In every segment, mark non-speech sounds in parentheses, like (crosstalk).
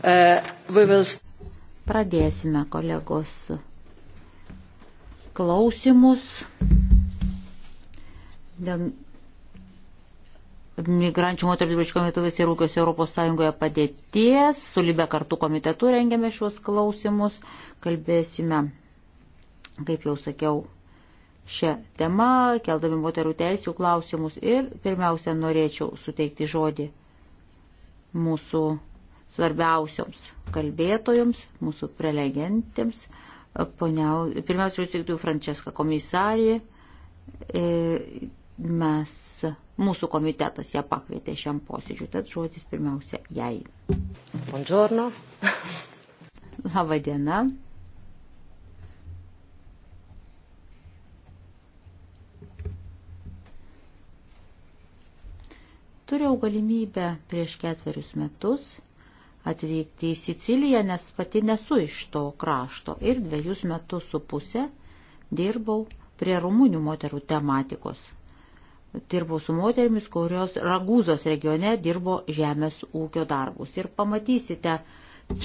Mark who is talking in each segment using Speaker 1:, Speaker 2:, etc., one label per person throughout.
Speaker 1: Uh, will... Pradėsime, kolegos, klausimus dėl migrančių moterų dviračių komitetuvės ir ūkios Europos Sąjungoje padėties. Su Libe kartu komitetu rengiame šiuos klausimus. Kalbėsime, kaip jau sakiau, šią temą, keldami moterų teisų klausimus ir pirmiausia norėčiau suteikti žodį mūsų svarbiausioms kalbėtojoms, mūsų prelegentėms. E, poniau, pirmiausia, sveikinu Franceską komisarį. E, mes, mūsų komitetas ją pakvietė šiam posėdžiu, tad žodis pirmiausia jai. Buongiorno. Labadiena. turėjau galimybę prieš ketverius metus atvykti į Siciliją, nes pati nesu iš to krašto. Ir dviejus metus su pusė dirbau prie rumunių moterų tematikos. Dirbau su moterimis, kurios Ragūzos regione dirbo žemės ūkio darbus. Ir pamatysite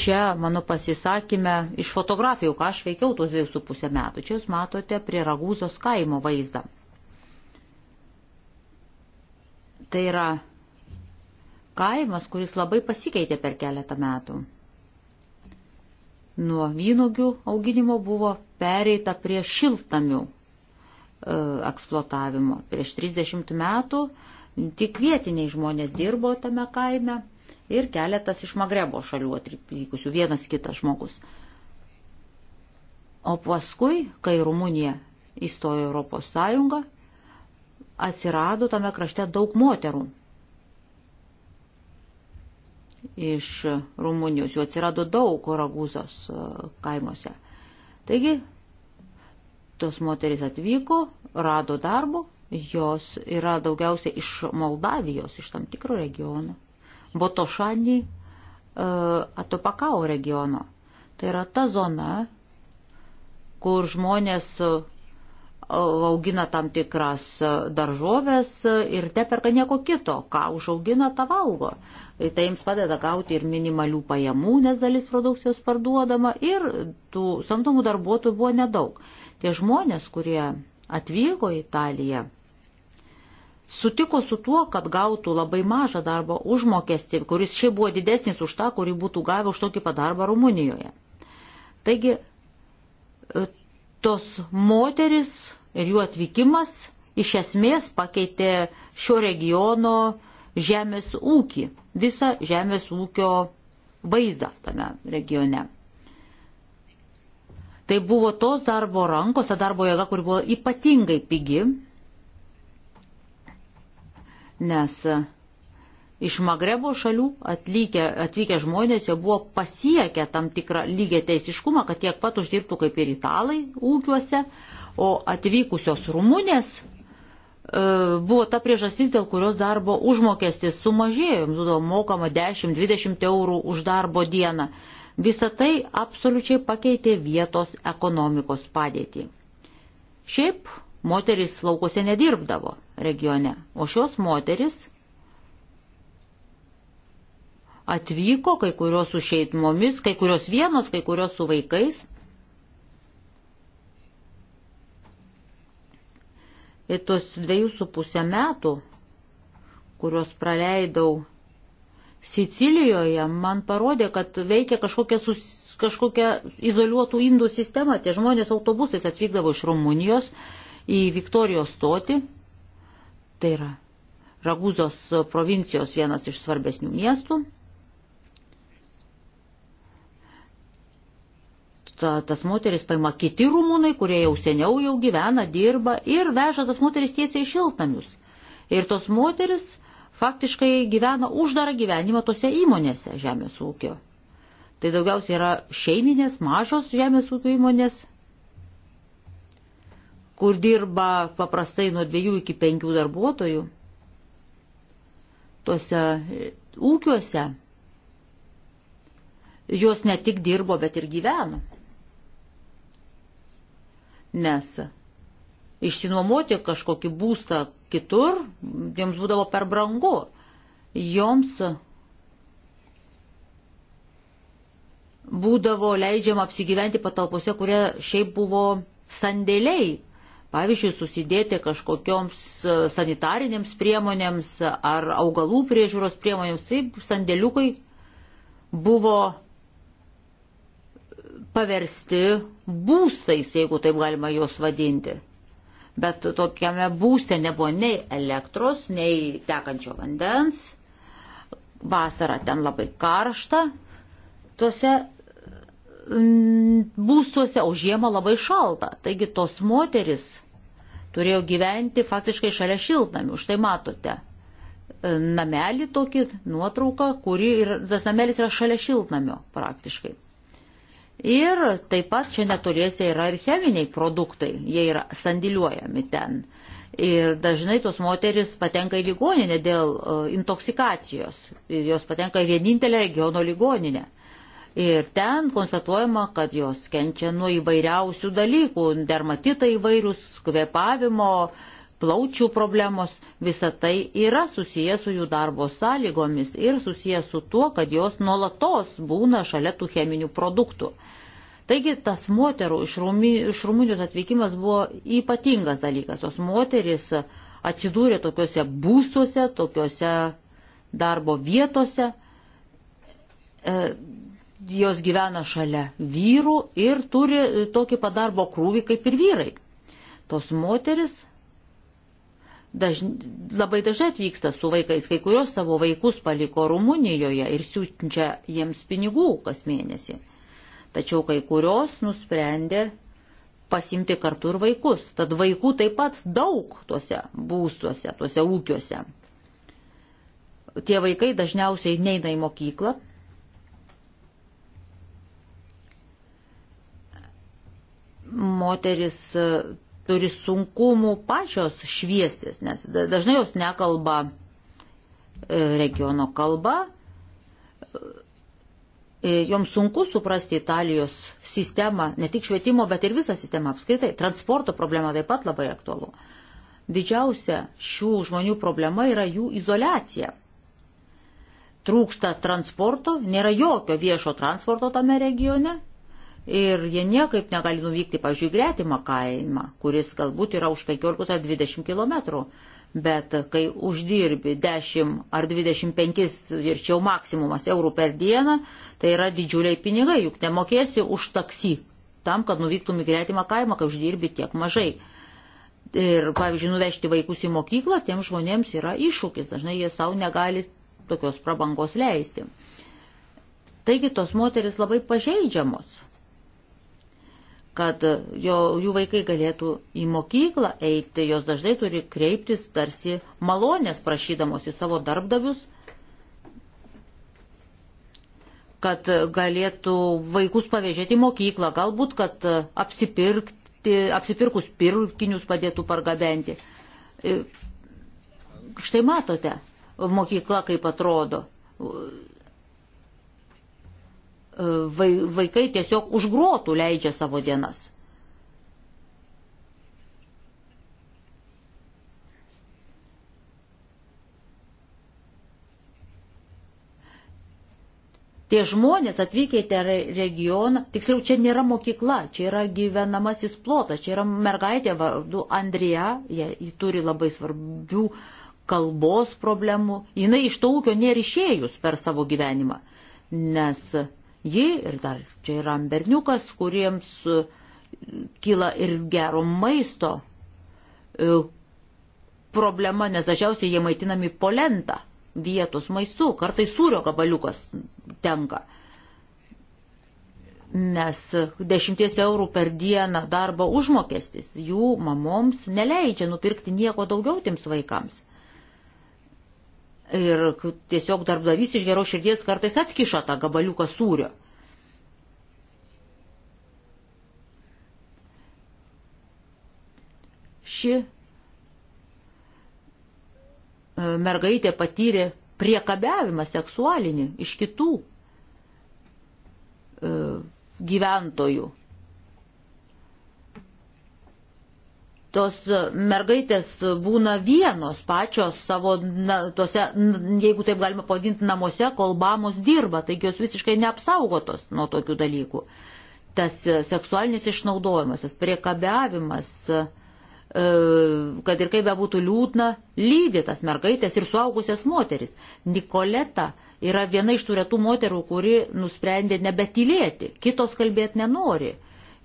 Speaker 1: čia mano pasisakymę iš fotografijų, ką aš veikiau tuos dviejus su pusę metų. Čia jūs matote prie Ragūzos kaimo vaizdą. Tai yra kaimas, kuris labai pasikeitė per keletą metų. Nuo vynogių auginimo buvo pereita prie šiltamių e, eksploatavimo. Prieš 30 metų tik vietiniai žmonės dirbo tame kaime ir keletas iš Magrebo šalių atvykusių vienas kitas žmogus. O paskui, kai Rumunija įstojo Europos Sąjungą, atsirado tame krašte daug moterų iš Rumunijos. Jų atsirado daug Ragūzos e, kaimuose. Taigi, tos moteris atvyko, rado darbo, jos yra daugiausia iš Moldavijos, iš tam tikro regiono. Botošanį, e, Atopakao regiono. Tai yra ta zona, kur žmonės e, augina tam tikras daržovės ir te perka nieko kito, ką užaugina, tą valgo. Tai jums padeda gauti ir minimalių pajamų, nes dalis produkcijos parduodama ir tų samdomų darbuotojų buvo nedaug. Tie žmonės, kurie atvyko į Italiją, sutiko su tuo, kad gautų labai mažą darbo užmokestį, kuris šiaip buvo didesnis už tą, kurį būtų gavę už tokį padarbą Rumunijoje. Taigi, e, tos moteris ir jų atvykimas iš esmės pakeitė šio regiono uh, žemės ūkį, visą žemės ūkio vaizdą tame regione. Tai buvo tos darbo rankos, ta darbo jėga, kuri buvo ypatingai pigi, nes e, iš Magrebo šalių atlykę, atvykę žmonės jau buvo pasiekę tam tikrą lygiai teisiškumą, kad tiek pat uždirbtų kaip ir italai ūkiuose, o atvykusios rumunės E, buvo ta priežastis, dėl kurios darbo užmokestis sumažėjo, būdavo mokama 10-20 eurų už darbo dieną. Visą tai absoliučiai pakeitė vietos ekonomikos padėtį. Šiaip moteris laukose nedirbdavo regione, o šios moteris atvyko, kai kurios su šeitmomis, kai kurios vienos, kai kurios su vaikais Ir tuos dviejus su pusę metų, kuriuos praleidau Sicilijoje, man parodė, kad veikia kažkokia, sus, kažkokia izoliuotų indų sistema. Tie žmonės autobusais atvykdavo iš Rumunijos į Viktorijos stotį. Tai yra Raguzos provincijos vienas iš svarbesnių miestų. ta, tas moteris paima kiti rumūnai, kurie jau seniau jau gyvena, dirba ir veža tas moteris tiesiai į šiltnamius. Ir tos moteris faktiškai gyvena uždarą gyvenimą tose įmonėse žemės ūkio. Tai daugiausiai yra šeiminės, mažos žemės ūkio įmonės, kur dirba paprastai nuo dviejų iki penkių darbuotojų. Tose e, ūkiuose jos ne tik dirbo, bet ir gyveno nes išsinuomoti kažkokį būstą kitur jiems būdavo per brangu. Joms būdavo leidžiama apsigyventi patalpose, kurie šiaip buvo sandėliai. Pavyzdžiui, susidėti kažkokioms e, sanitarinėms priemonėms ar augalų priežiūros priemonėms. Taip, sandėliukai buvo paversti būstais, jeigu taip galima juos vadinti. Bet tokiame būste nebuvo nei elektros, nei tekančio vandens. Vasara ten labai karšta. Tuose mm, būstuose, o žiemą labai šalta. Taigi tos moteris turėjo gyventi faktiškai šalia šiltnamių. Štai matote e, namelį tokį nuotrauką, kuri ir tas namelis yra šalia šiltnamio praktiškai. Ir taip pat čia netoliese yra ir cheminiai produktai, jie yra sandėliuojami ten. Ir dažnai tos moteris patenka į ligoninę dėl e, intoksikacijos. Jos patenka į vienintelę regiono ligoninę. Ir ten konstatuojama, kad jos kenčia nuo įvairiausių dalykų - dermatitai įvairius, kvepavimo, uh, plaučių problemos, visa tai yra susijęs su jų darbo sąlygomis ir susijęs su tuo, kad jos nuolatos būna šalia tų cheminių produktų. Taigi tas moterų iš, Rumi, iš Rumunijos atvykimas buvo ypatingas dalykas. Tos moteris atsidūrė tokiuose būstuose, tokiuose darbo vietose. E, jos gyvena šalia vyrų ir turi tokį padarbo krūvį kaip ir vyrai. Tos moteris dažn, labai dažnai atvyksta su vaikais, kai kurios savo vaikus paliko Rumunijoje ir siunčia jiems pinigų kas mėnesį. Tačiau kai kurios nusprendė pasimti kartu ir vaikus. Tad vaikų taip pat daug tuose būstuose, tuose ūkiuose. Tie vaikai dažniausiai neina į mokyklą. Moteris turi sunkumų pačios šviestis, nes dažnai jos nekalba e, regiono kalba. E, joms sunku suprasti Italijos sistemą, ne tik švietimo, bet ir visą sistemą apskritai. Transporto problema taip pat labai aktualu. Didžiausia šių žmonių problema yra jų izolacija. Trūksta transporto, nėra jokio viešo transporto tame regione, ir jie niekaip negali nuvykti, pažiūrėjau, gretimą kaimą, kuris galbūt yra už 15 ar 20 km. Bet kai uždirbi 10 ar 25 ir čia jau maksimumas eurų per dieną, tai yra didžiuliai pinigai, juk nemokėsi už taksi tam, kad nuvyktum į gretimą kaimą, kai uždirbi tiek mažai. Ir, pavyzdžiui, nuvežti vaikus į mokyklą tiem žmonėms yra iššūkis, dažnai jie savo negali tokios prabangos leisti. Taigi tos moteris labai pažeidžiamos kad jo, jų vaikai galėtų į mokyklą eiti, jos dažnai turi kreiptis tarsi malonės prašydamos į savo darbdavius, kad galėtų vaikus pavėžėti į mokyklą, galbūt, kad apsipirkus pirkinius padėtų pargabenti. Štai matote, mokykla kaip atrodo vaikai tiesiog užgruotų leidžia savo dienas. Tie žmonės atvykę į tą regioną, tiksliau, čia nėra mokykla, čia yra gyvenamasis plotas, čia yra mergaitė vardu Andrija, jie, jie turi labai svarbių kalbos problemų, jinai iš to ūkio nėra išėjus per savo gyvenimą, nes Ji ir dar čia yra berniukas, kuriems e, kyla ir gero maisto e, problema, nes dažniausiai jie maitinami polenta vietos maistu, kartais sūrio gabaliukas tenka. Nes 10 eurų per dieną darbo užmokestis jų mamoms neleidžia nupirkti nieko daugiau tiems vaikams. Ir tiesiog darbdavys iš geros širdies kartais atkiša tą gabaliuką sūrio. Ši e, mergaitė patyrė priekabiavimą seksualinį iš kitų e, gyventojų. tos mergaitės būna vienos pačios savo, na, tuose, jeigu taip galima pavadinti, namuose, kol bamos dirba, taigi jos visiškai neapsaugotos nuo tokių dalykų. Tas seksualinis išnaudojimas, tas priekabiavimas, e, kad ir kaip bebūtų liūdna, lydi tas mergaitės ir suaugusias moteris. Nikoleta yra viena iš tų retų moterų, kuri nusprendė nebetylėti, kitos kalbėti nenori.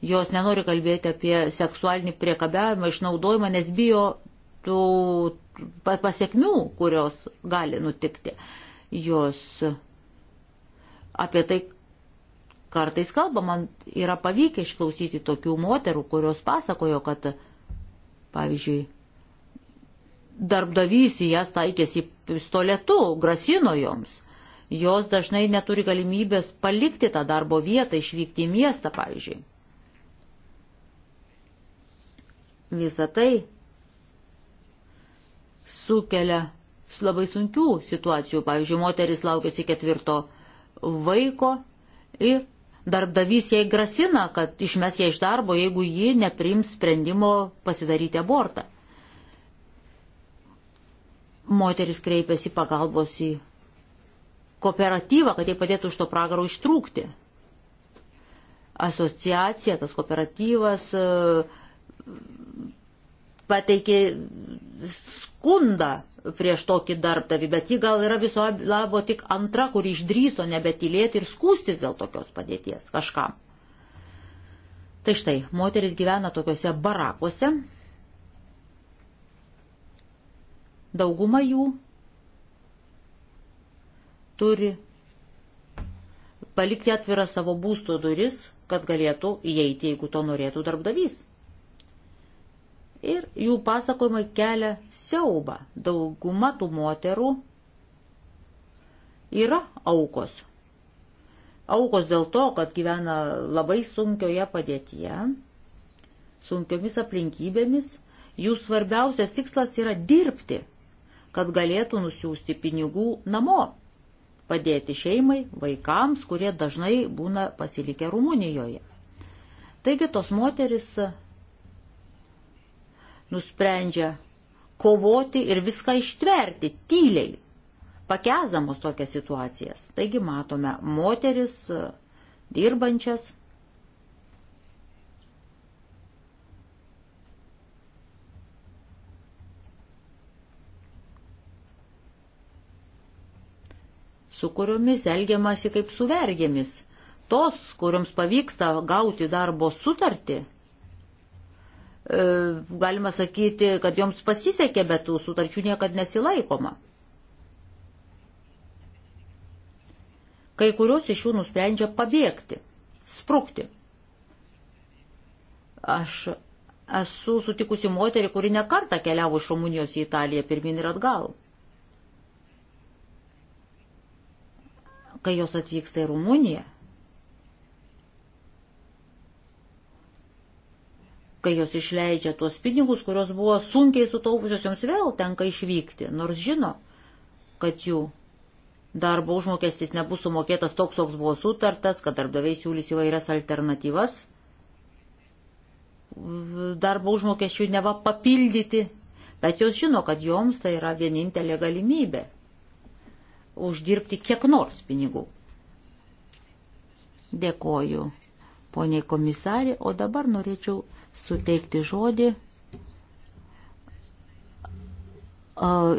Speaker 1: Jos nenori kalbėti apie seksualinį priekabiavimą, išnaudojimą, nes bijo tų pasiekmių, kurios gali nutikti. Jos apie tai kartais kalba, man yra pavykę išklausyti tokių moterų, kurios pasakojo, kad, pavyzdžiui, darbdavys į jas taikėsi pistoletu, grasino joms. Jos dažnai neturi galimybės palikti tą darbo vietą, išvykti į miestą, pavyzdžiui. Visą tai sukelia labai sunkių situacijų. Pavyzdžiui, moteris laukėsi ketvirto vaiko ir darbdavys jai grasina, kad išmes ją iš darbo, jeigu ji neprims sprendimo pasidaryti abortą. Moteris kreipiasi pagalbos į kooperatyvą, kad jie padėtų iš to pragaro ištrūkti. Asociacija, tas kooperatyvas pateikė skundą prieš tokį darbdavį, bet ji gal yra viso labo tik antra, kur išdryso nebetilėti ir skūstis dėl tokios padėties kažkam. Tai štai, moteris gyvena tokiuose barakuose. Dauguma jų turi palikti atvirą savo būsto duris, kad galėtų įeiti, jeigu to norėtų darbdavys ir jų pasakojimai kelia siaubą. Dauguma tų moterų yra aukos. Aukos dėl to, kad gyvena labai sunkioje padėtyje, sunkiomis aplinkybėmis, jų svarbiausias tikslas yra dirbti, kad galėtų nusiųsti pinigų namo, padėti šeimai, vaikams, kurie dažnai būna pasilikę Rumunijoje. Taigi tos moteris nusprendžia kovoti ir viską ištverti tyliai, pakesdamos tokias situacijas. Taigi matome moteris dirbančias. su kuriomis elgiamasi kaip su vergėmis. Tos, kuriuoms pavyksta gauti darbo sutartį, E, galima sakyti, kad joms pasisekė, bet tų sutarčių niekad nesilaikoma. Kai kurios iš jų nusprendžia pabėgti, sprukti. Aš esu sutikusi moterį, kuri nekartą keliavo iš Rumunijos į Italiją pirmin ir atgal. Kai jos atvyksta į Rumuniją, kai jos išleidžia tuos pinigus, kurios buvo sunkiai sutaupusios, joms vėl tenka išvykti, nors žino, kad jų darbo užmokestis nebus sumokėtas toks, koks buvo sutartas, kad darbdaviai siūlys įvairias alternatyvas darbo užmokesčių neva papildyti, bet jos žino, kad joms tai yra vienintelė galimybė uždirbti kiek nors pinigų. Dėkoju, poniai komisarė, o dabar norėčiau suteikti žodį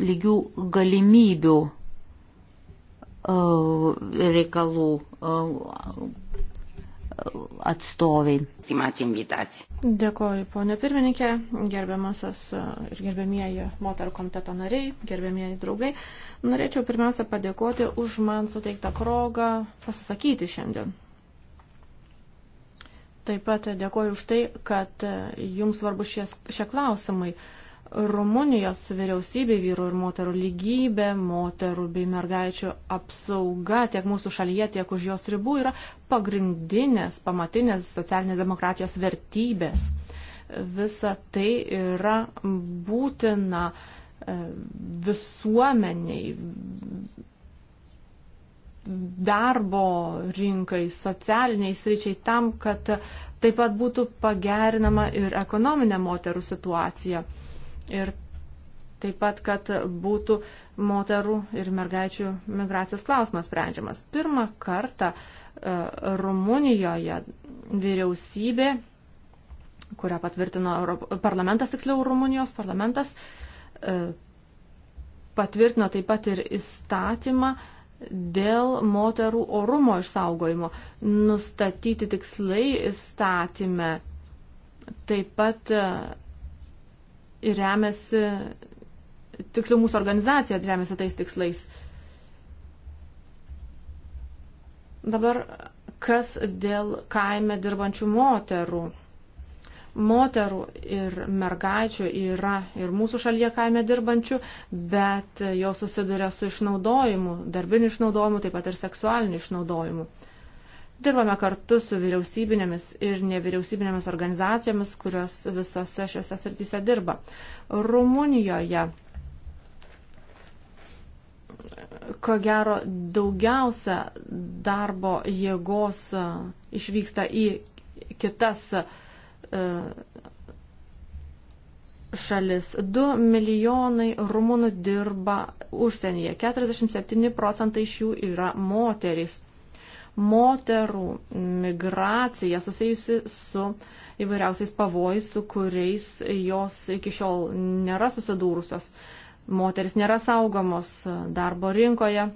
Speaker 1: lygių galimybių reikalų atstoviai. Dėkoju,
Speaker 2: ponė pirmininkė, gerbiamasis ir gerbėmieji moterų komiteto nariai, gerbėmieji draugai. Norėčiau pirmiausia padėkoti už man suteiktą progą pasisakyti šiandien. Taip pat dėkoju už tai, kad e, jums svarbu šie, šie klausimai. Rumunijos vyriausybė vyru ir moterų lygybė, moterų bei mergaičių apsauga tiek mūsų šalyje, tiek už jos ribų yra pagrindinės, pamatinės socialinės demokratijos vertybės. Visa tai yra būtina e, visuomeniai, darbo rinkai, socialiniai sričiai, tam, kad taip pat būtų pagerinama ir ekonominė moterų situacija. Ir taip pat, kad būtų moterų ir mergaičių migracijos klausimas sprendžiamas. Pirmą kartą e, Rumunijoje vyriausybė, kurią patvirtino Europo, parlamentas, tiksliau Rumunijos parlamentas, e, patvirtino taip pat ir įstatymą, dėl moterų orumo išsaugojimo. Nustatyti tikslai įstatymę taip pat e, remiasi, tiksliau mūsų organizacija remiasi tais tikslais. Dabar kas dėl kaime dirbančių moterų? moterų ir mergaičių yra ir mūsų šalyje kaime dirbančių, bet jos susiduria su išnaudojimu, darbiniu išnaudojimu, taip pat ir seksualiniu išnaudojimu. Dirbame kartu su vyriausybinėmis ir nevyriausybinėmis organizacijomis, kurios visose šiuose srityse dirba. Rumunijoje, ko gero, daugiausia darbo jėgos e, išvyksta į kitas uh, E, šalis. 2 milijonai rumunų dirba užsienyje. 47 procentai iš jų yra moterys. Moterų migracija susijusi su įvairiausiais pavojais, su kuriais jos iki šiol nėra susidūrusios. Moteris nėra saugomos darbo rinkoje.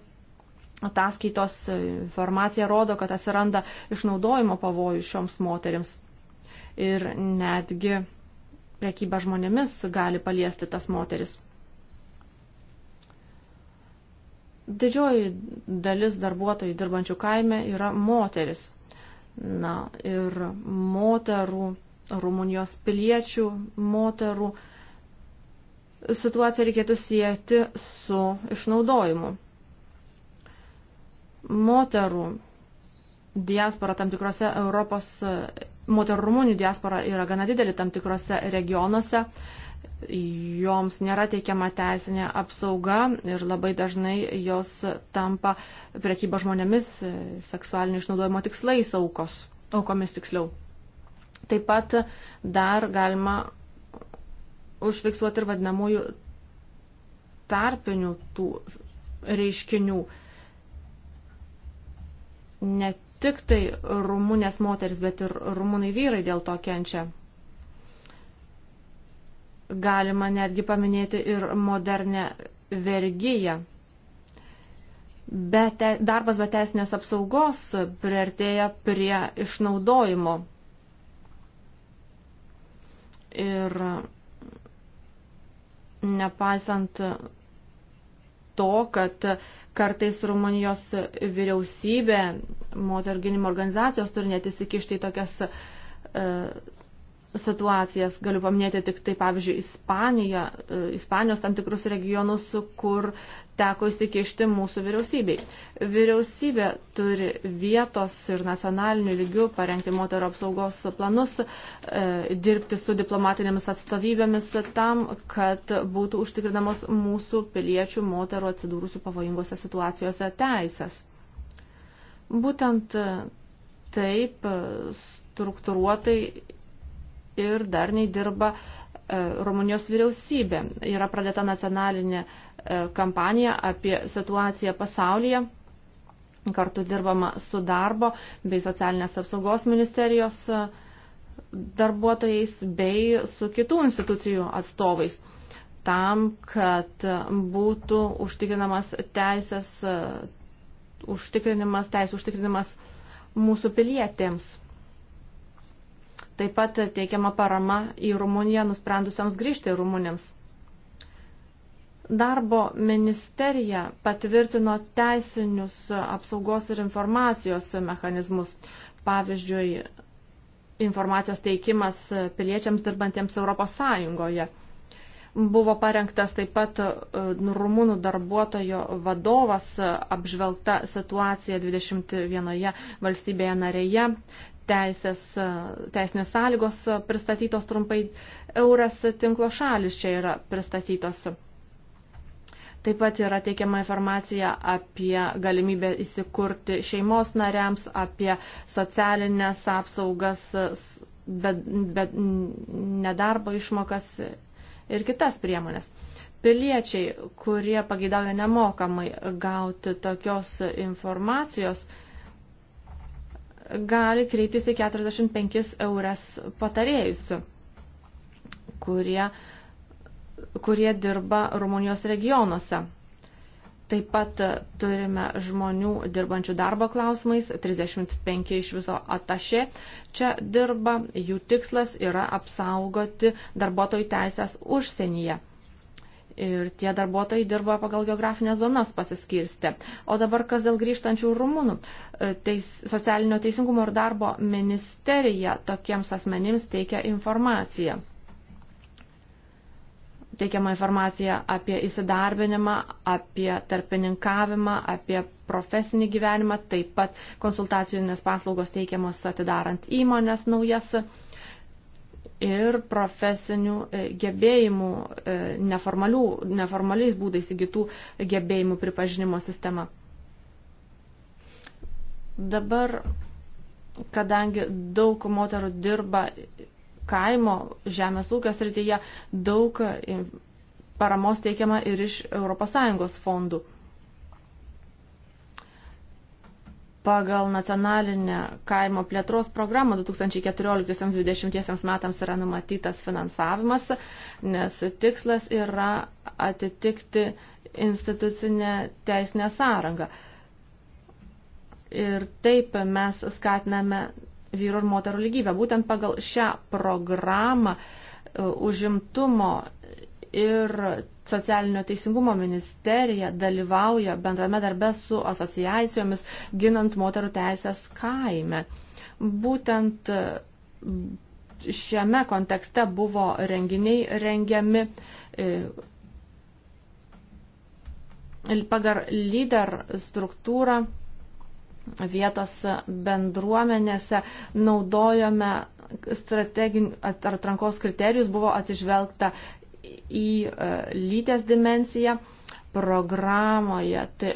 Speaker 2: Ataskaitos informacija rodo, kad atsiranda išnaudojimo pavojų šioms moteriams ir netgi prekyba žmonėmis gali paliesti tas moteris. Didžioji dalis darbuotojų dirbančių kaime yra moteris. Na ir moterų, Rumunijos piliečių, moterų situaciją reikėtų sieti su išnaudojimu. Moterų diaspora tam tikrose Europos moterų rumunių diaspora yra gana didelė tam tikrose regionuose. Joms nėra teikiama teisinė apsauga ir labai dažnai jos tampa prekyba žmonėmis seksualinio išnaudojimo tikslais aukos, aukomis tiksliau. Taip pat dar galima užfiksuoti ir vadinamųjų tarpinių tų reiškinių. Ne tik tai rumunės moteris, bet ir rumunai vyrai dėl to kenčia. Galima netgi paminėti ir modernę vergyją. Bet darbas be teisinės apsaugos priartėja prie išnaudojimo. Ir nepaisant to, kad kartais Rumunijos vyriausybė, moterų gynimo organizacijos turi net įsikišti į tokias e, situacijas. Galiu paminėti tik tai, pavyzdžiui, Ispaniją, e, Ispanijos tam tikrus regionus, kur teko įsikišti mūsų vyriausybei. Vyriausybė turi vietos ir nacionalinių lygių parengti moterų apsaugos planus, e, dirbti su diplomatinėmis atstovybėmis tam, kad būtų užtikrinamos mūsų piliečių moterų atsidūrusių pavojingose situacijose teisės. Būtent e, taip e, struktūruotai ir darniai dirba e, Rumunijos vyriausybė. Yra pradėta nacionalinė e, E, kampaniją apie situaciją pasaulyje. Kartu dirbama su darbo bei socialinės apsaugos ministerijos e, darbuotojais bei su kitų institucijų atstovais tam, kad būtų užtikrinamas teisės, e, užtikrinimas, teisų užtikrinimas mūsų pilietėms. Taip pat teikiama parama į Rumuniją nusprendusiams grįžti rumunėms. Darbo ministerija patvirtino teisinius apsaugos ir informacijos mechanizmus. Pavyzdžiui, informacijos teikimas piliečiams dirbantiems Europos Sąjungoje. Buvo parengtas taip pat e, rumūnų darbuotojo vadovas e, apžvelgta situacija 21 valstybėje narėje. Teisės, e, teisinės sąlygos pristatytos trumpai, euras tinklo šalis čia yra pristatytos. Taip pat yra teikiama informacija apie galimybę įsikurti šeimos nariams, apie socialinės apsaugas, bet, bet nedarbo išmokas ir kitas priemonės. Piliečiai, kurie pageidauja nemokamai gauti tokios informacijos, gali kreiptis į 45 eures patarėjus, kurie uh, kurie dirba Rumunijos regionuose. Taip pat turime žmonių dirbančių darbo klausimais, 35 iš viso atašė čia dirba, jų tikslas yra apsaugoti darbuotojų teisės užsienyje. Ir tie darbuotojai dirba pagal geografinės zonas pasiskirsti. O dabar kas dėl grįžtančių rumunų? E, teis, socialinio teisingumo ir darbo ministerija tokiems asmenims teikia informaciją teikiama informacija apie įsidarbinimą, apie tarpininkavimą, apie profesinį gyvenimą, taip pat konsultacinės paslaugos teikiamos atidarant įmonės naujas ir profesinių e, gebėjimų e, neformaliais būdais įgytų gebėjimų pripažinimo sistema. Dabar, kadangi daug moterų dirba kaimo žemės ūkio srityje daug e, paramos teikiama ir iš ES fondų. Pagal nacionalinę kaimo plėtros programą 2014-2020 metams yra numatytas finansavimas, nes tikslas yra atitikti institucinę teisinę sąrangą. Ir taip mes skatiname vyro ir moterų lygybę. Būtent pagal šią programą e, užimtumo ir socialinio teisingumo ministerija dalyvauja bendrame darbe su asociacijomis ginant moterų teisės kaime. Būtent e, šiame kontekste buvo renginiai rengiami e, pagal lyder struktūrą vietos bendruomenėse naudojome strateginių atrankos kriterijus, buvo atsižvelgta į e, lytės dimenciją programoje. Tai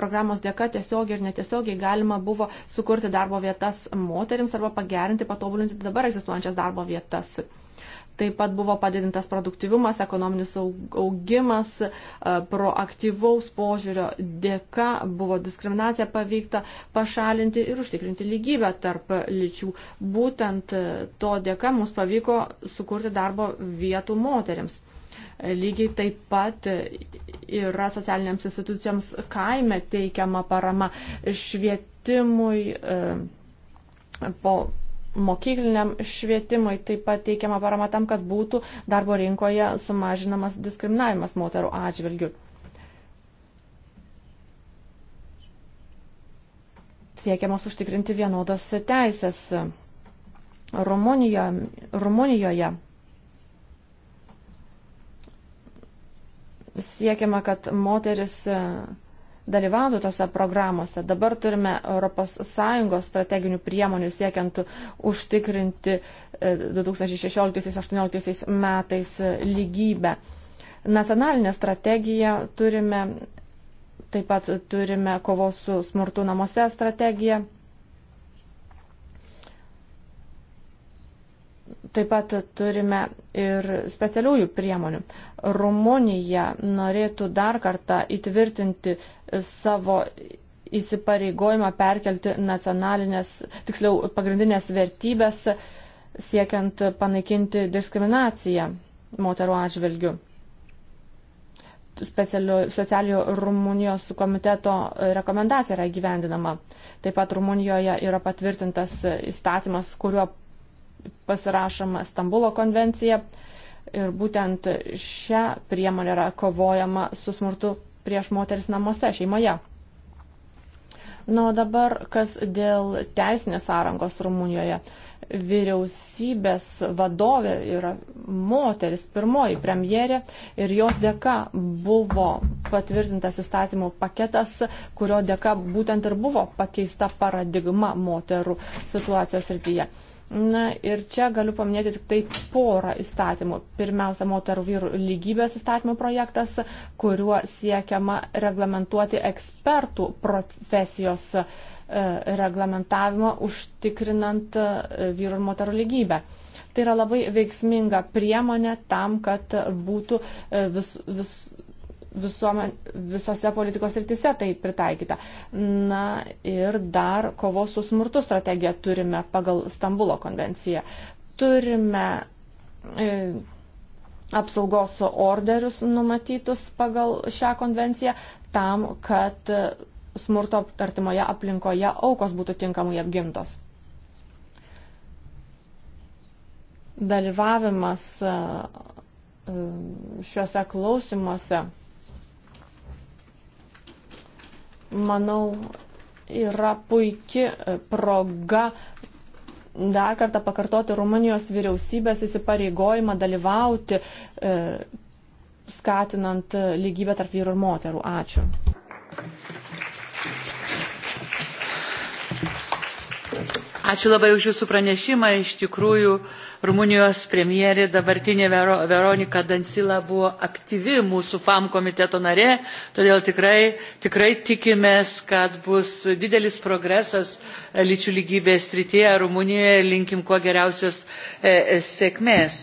Speaker 2: programos dėka tiesiogiai ir netiesiogiai galima buvo sukurti darbo vietas moteriams arba pagerinti, patobulinti dabar egzistuojančias darbo vietas. Taip pat buvo padidintas produktivumas, ekonominis augimas, e, proaktyvaus požiūrio dėka buvo diskriminacija paveikta pašalinti ir užtikrinti lygybę tarp lyčių. Būtent e, to dėka mums pavyko sukurti darbo vietų moteriams. Lygiai taip pat yra socialiniams institucijoms kaime teikiama parama švietimui e, po mokykliniam švietimui taip pat teikiama parama tam, kad būtų darbo rinkoje sumažinamas diskriminavimas moterų atžvilgių. Siekiamas užtikrinti vienodas teisės Rumunijoje. Rumunijoje. Siekiama, kad moteris dalyvautų tose programuose. Dabar turime ES strateginių priemonių siekiant užtikrinti 2016-2018 e, metais e, lygybę. Nacionalinę strategiją turime, taip pat turime kovos su smurtu namuose strategiją. Taip pat turime ir specialiųjų priemonių. Rumunija norėtų dar kartą įtvirtinti savo įsipareigojimą perkelti nacionalinės, tiksliau, pagrindinės vertybės, siekiant panaikinti diskriminaciją moterų atžvilgių. Socialio Rumunijos komiteto rekomendacija yra įgyvendinama. Taip pat Rumunijoje yra patvirtintas įstatymas, kuriuo pasirašoma Stambulo konvencija ir būtent šią priemonę yra kovojama su smurtu prieš moteris namuose, šeimoje. Na, nu, o dabar kas dėl teisinės sąrangos Rumunijoje. Vyriausybės vadovė yra moteris, pirmoji premjerė ir jos dėka buvo patvirtintas įstatymų paketas, kurio dėka būtent ir buvo pakeista paradigma moterų situacijos rytyje. Na ir čia galiu paminėti tik tai porą įstatymų. Pirmiausia, moterų vyrų lygybės įstatymų projektas, kuriuo siekiama reglamentuoti ekspertų profesijos e, reglamentavimą, užtikrinant e, vyrų ir moterų lygybę. Tai yra labai veiksminga priemonė tam, kad būtų e, vis, vis, visuomen, visose politikos rytise tai pritaikyta. Na ir dar kovos su smurtu strategiją turime pagal Stambulo konvenciją. Turime e, apsaugos orderius numatytus pagal šią konvenciją tam, kad smurto artimoje aplinkoje aukos būtų tinkamai apgintos. Dalyvavimas e, e, šiuose klausimuose manau, yra puikia proga dar kartą pakartoti Rumunijos vyriausybės įsipareigojimą dalyvauti e, skatinant lygybę tarp vyrų ir moterų. Ačiū. Ačiū labai už Jūsų pranešimą. Iš tikrųjų, Rumunijos premjerė dabartinė Vero, Veronika Dansila buvo aktyvi mūsų FAM komiteto narė, todėl tikrai, tikrai tikimės, kad bus didelis progresas e, lyčių lygybės srityje Rumunijoje. Linkim kuo geriausios e, e, sėkmės.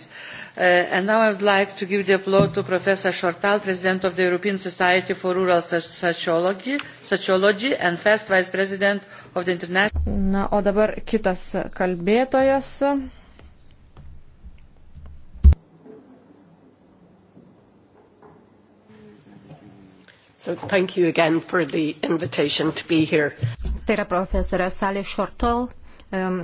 Speaker 2: Uh, and now I would like to give the floor to Professor Shortal, President of the European Society for Rural Sociology, Sociology and first Vice President of the International. Na, o dabar kitas kalbėtojas. So thank you again for the invitation to be here.
Speaker 3: Tai yra profesorė Salė Šortol, um,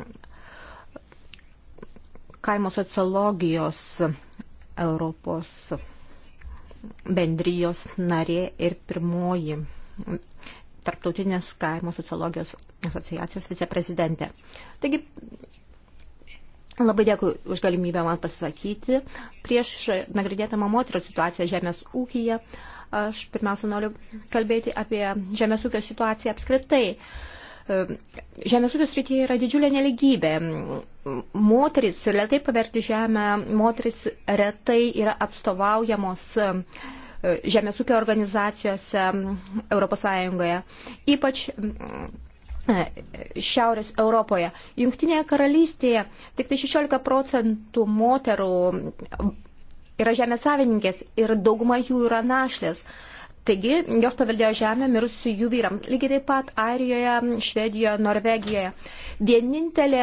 Speaker 3: kaimo sociologijos Europos bendrijos narė ir pirmoji Tarptautinės kaimo sociologijos asociacijos viceprezidentė. Taigi, labai dėkui už galimybę man pasisakyti. Prieš nagrinėtama moterų situaciją žemės ūkija, aš pirmiausia noriu kalbėti apie žemės ūkio situaciją apskritai. Uh, Žemės ūkio srityje yra didžiulė neligybė. Moteris retai paverti žemę, moteris retai yra atstovaujamos e, žemės ūkio organizacijose ES, ypač e, Šiaurės Europoje. Junktinėje karalystėje tik tai 16 procentų moterų yra žemės savininkės ir dauguma jų yra našlės. Uh, Taigi, jos paveldėjo žemę mirusių jų vyrams. Lygiai taip pat Airijoje, Švedijoje, Norvegijoje. Vienintelė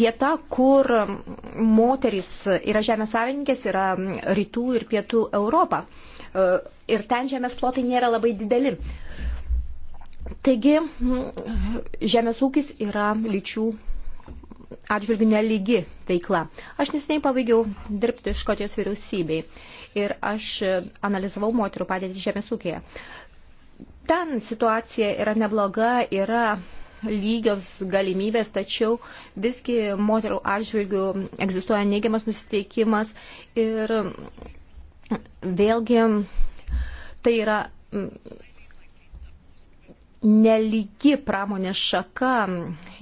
Speaker 3: vieta, kur moteris yra žemės savininkės, yra rytų ir pietų Europa. E, ir ten žemės plotai nėra labai dideli. Taigi, žemės ūkis yra lyčių atžvilgių nelygi veikla. Aš nesiniai pabaigiau dirbti Škotijos vyriausybei ir aš analizavau moterų padėtį žemės ūkėje. Ten situacija yra nebloga, yra lygios galimybės, tačiau visgi moterų atžvilgių egzistuoja neigiamas nusiteikimas ir vėlgi tai yra nelygi pramonės šaka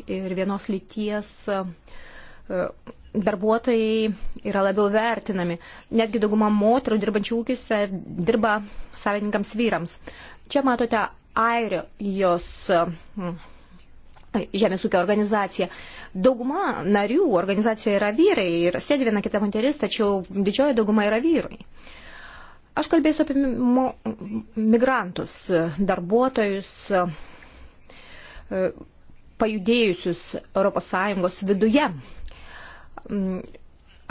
Speaker 3: ir vienos lyties darbuotojai yra labiau vertinami. Netgi dauguma moterų dirbančių ūkiuose dirba savininkams vyrams. Čia matote Airijos mm, žemės ūkio organizacija. Dauguma narių organizacijoje yra vyrai ir sėdi viena kita moteris, tačiau didžioji dauguma yra vyrai. Aš kalbėsiu apie migrantus, darbuotojus, e, pajudėjusius ES viduje. Mm,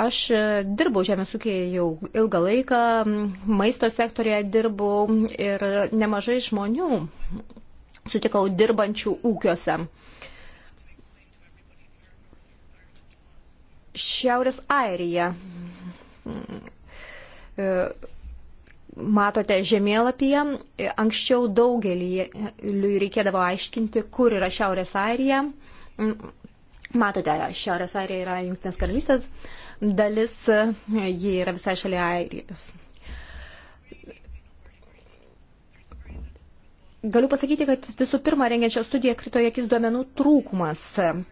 Speaker 3: aš e, dirbau žemės ūkėje jau ilgą laiką, mm, maisto sektorėje dirbau ir nemažai žmonių sutikau dirbančių ūkiuose. Šiaurės Airija. Mm, e, matote žemėlapyje, e, anksčiau daugelį reikėdavo aiškinti, kur yra Šiaurės Airija Matote, Šiaurės Airija yra Junktinės karalystės dalis, ji yra visai šalia Airijos. Galiu pasakyti, kad visų pirma, rengiančią studiją krito akis duomenų trūkumas.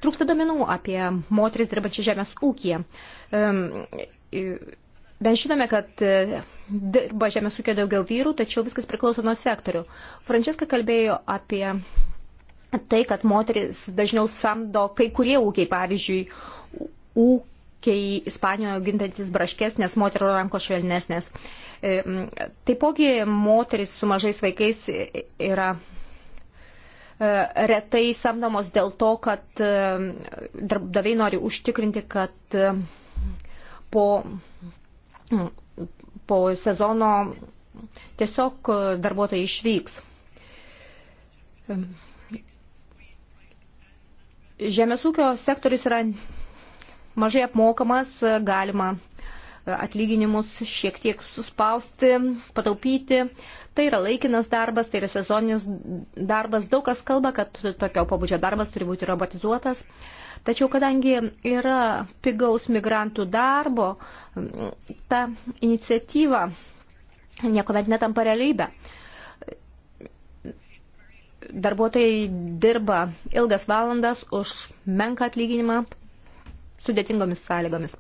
Speaker 3: Trūksta duomenų apie moteris dirbančią žemės ūkiją. Ehm, Bent žinome, kad e, dirba žemės ūkio daugiau vyrų, tačiau viskas priklauso nuo sektorių. Frančiska kalbėjo apie tai, kad moteris dažniau samdo kai kurie ūkiai, pavyzdžiui, ūkiai Ispanijoje gintantis braškės, nes moterų rankos švelnesnės. E, taipogi moteris su mažais vaikais yra e, retai samdomos dėl to, kad e, darbdaviai nori užtikrinti, kad po, po sezono tiesiog darbuotojai išvyks. Žemės ūkio sektoris yra mažai apmokamas, galima e, atlyginimus šiek tiek suspausti, pataupyti. Tai yra laikinas darbas, tai yra sezoninis darbas. Daug kas kalba, kad tokio pabudžio darbas turi būti robotizuotas. Tačiau kadangi yra pigaus migrantų darbo, ta iniciatyva niekuomet netampa realybė darbuotojai dirba ilgas valandas už menką atlyginimą sudėtingomis sąlygomis.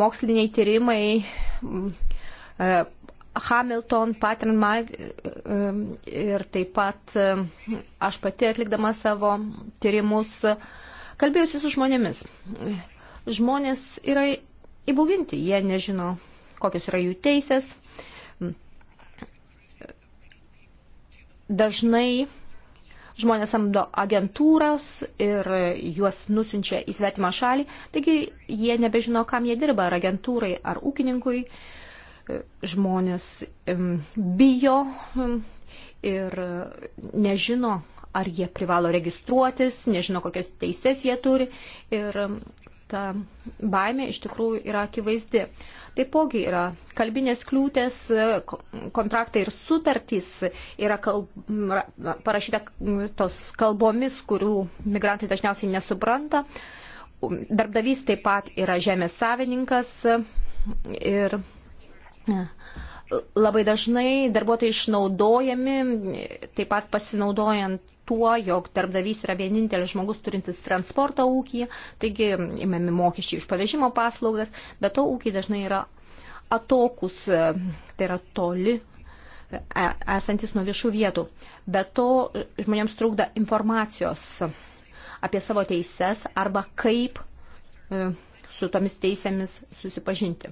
Speaker 3: Moksliniai tyrimai mm, e, Hamilton, Patrin e, e, ir taip pat aš pati atlikdama savo tyrimus kalbėjusi su žmonėmis. Žmonės yra įbauginti, jie nežino, kokios yra jų teisės, Dažnai žmonės samdo agentūras ir juos nusinčia į svetimą šalį, taigi jie nebežino, kam jie dirba, ar agentūrai, ar ūkininkui. Žmonės bijo ir nežino, ar jie privalo registruotis, nežino, kokias teises jie turi ir ta baimė iš tikrųjų yra akivaizdi. Taipogi yra kalbinės kliūtės, kontraktai ir sutartys yra kalb, parašyta tos kalbomis, kurių migrantai dažniausiai nesupranta. Darbdavys taip pat yra žemės savininkas ir e, labai dažnai darbuotojai išnaudojami, taip pat pasinaudojant tuo, jog darbdavys yra vienintelis žmogus turintis transporto ūkį, taigi imami mokesčiai už pavežimo paslaugas, bet to ūkiai dažnai yra atokus, e, tai yra toli e, esantis nuo viešų vietų. Bet to e, žmonėms trūkda informacijos apie savo teises arba kaip su tomis teisėmis susipažinti.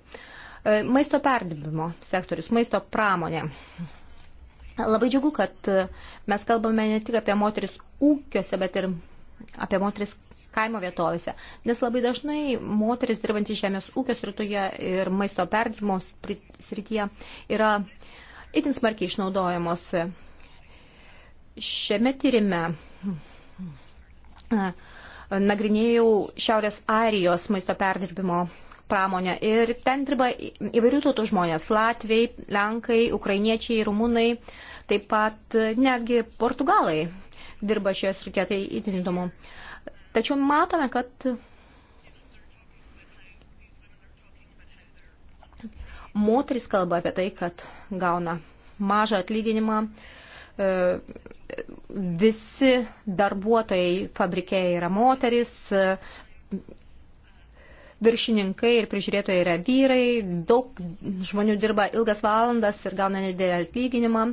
Speaker 3: Maisto perdirbimo sektorius, maisto pramonė. Labai džiugu, kad e, mes kalbame ne tik apie moteris ūkiuose, bet ir apie moteris kaimo vietovėse. Nes labai dažnai moteris dirbantys žemės ūkio srityje ir maisto perdirbimo srityje yra itin smarkiai išnaudojamos. Šiame tyrime e, nagrinėjau Šiaurės Airijos maisto perdirbimo pramonę. Ir ten dirba įvairių tautų žmonės - Latvijai, Lenkai, Ukrainiečiai, Rumunai, taip pat netgi Portugalai dirba šioje srityje, tai itin įdomu. Tačiau matome, kad moteris kalba apie tai, kad gauna mažą atlyginimą. E, visi darbuotojai fabrikėje yra moteris, viršininkai ir prižiūrėtojai yra vyrai, daug žmonių dirba ilgas valandas ir gauna nedidelį atlyginimą.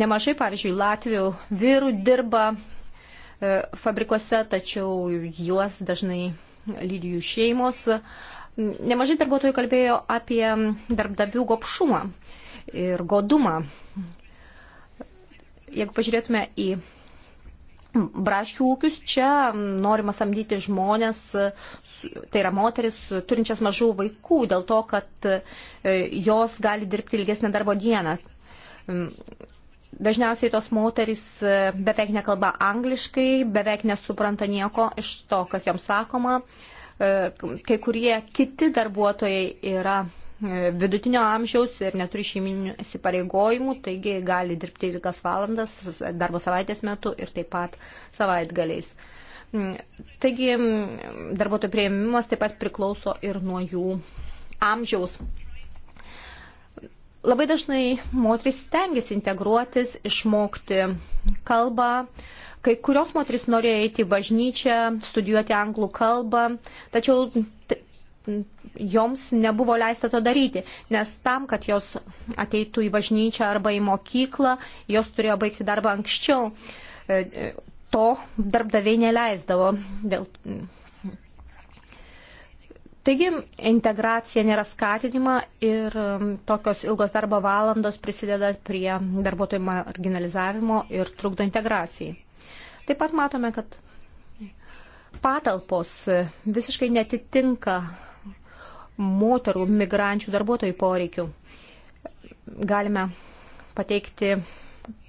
Speaker 3: Nemažai, pavyzdžiui, Latvių vyrų dirba e, fabrikuose, tačiau juos dažnai lydi jų šeimos. Nemažai darbuotojų kalbėjo apie darbdavių gopšumą ir godumą. Jeigu pažiūrėtume į braškių ūkius. Čia norima samdyti žmonės, tai yra moteris turinčias mažų vaikų, dėl to, kad e, jos gali dirbti ilgesnę darbo dieną. Dažniausiai tos moteris e, beveik nekalba angliškai, beveik nesupranta nieko iš to, kas joms sakoma. E, kai kurie kiti darbuotojai yra vidutinio amžiaus ir neturi šeiminių įsipareigojimų, taigi gali dirbti 12 valandas darbo savaitės metu ir taip pat savaitgaliais. Taigi darbuotojų prieimimas taip pat priklauso ir nuo jų amžiaus. Labai dažnai moteris stengiasi integruotis, išmokti kalbą. Kai kurios moteris norėjo eiti į bažnyčią, studijuoti anglų kalbą, tačiau joms nebuvo leista to daryti, nes tam, kad jos ateitų į bažnyčią arba į mokyklą, jos turėjo baigti darbą anksčiau. E, e, to darbdaviai neleisdavo. Dėl... Taigi integracija nėra skatinima ir tokios ilgos darbo valandos prisideda prie darbuotojų marginalizavimo ir trukdo integracijai. Taip pat matome, kad patalpos visiškai netitinka moterų migrančių darbuotojų poreikių. Galime pateikti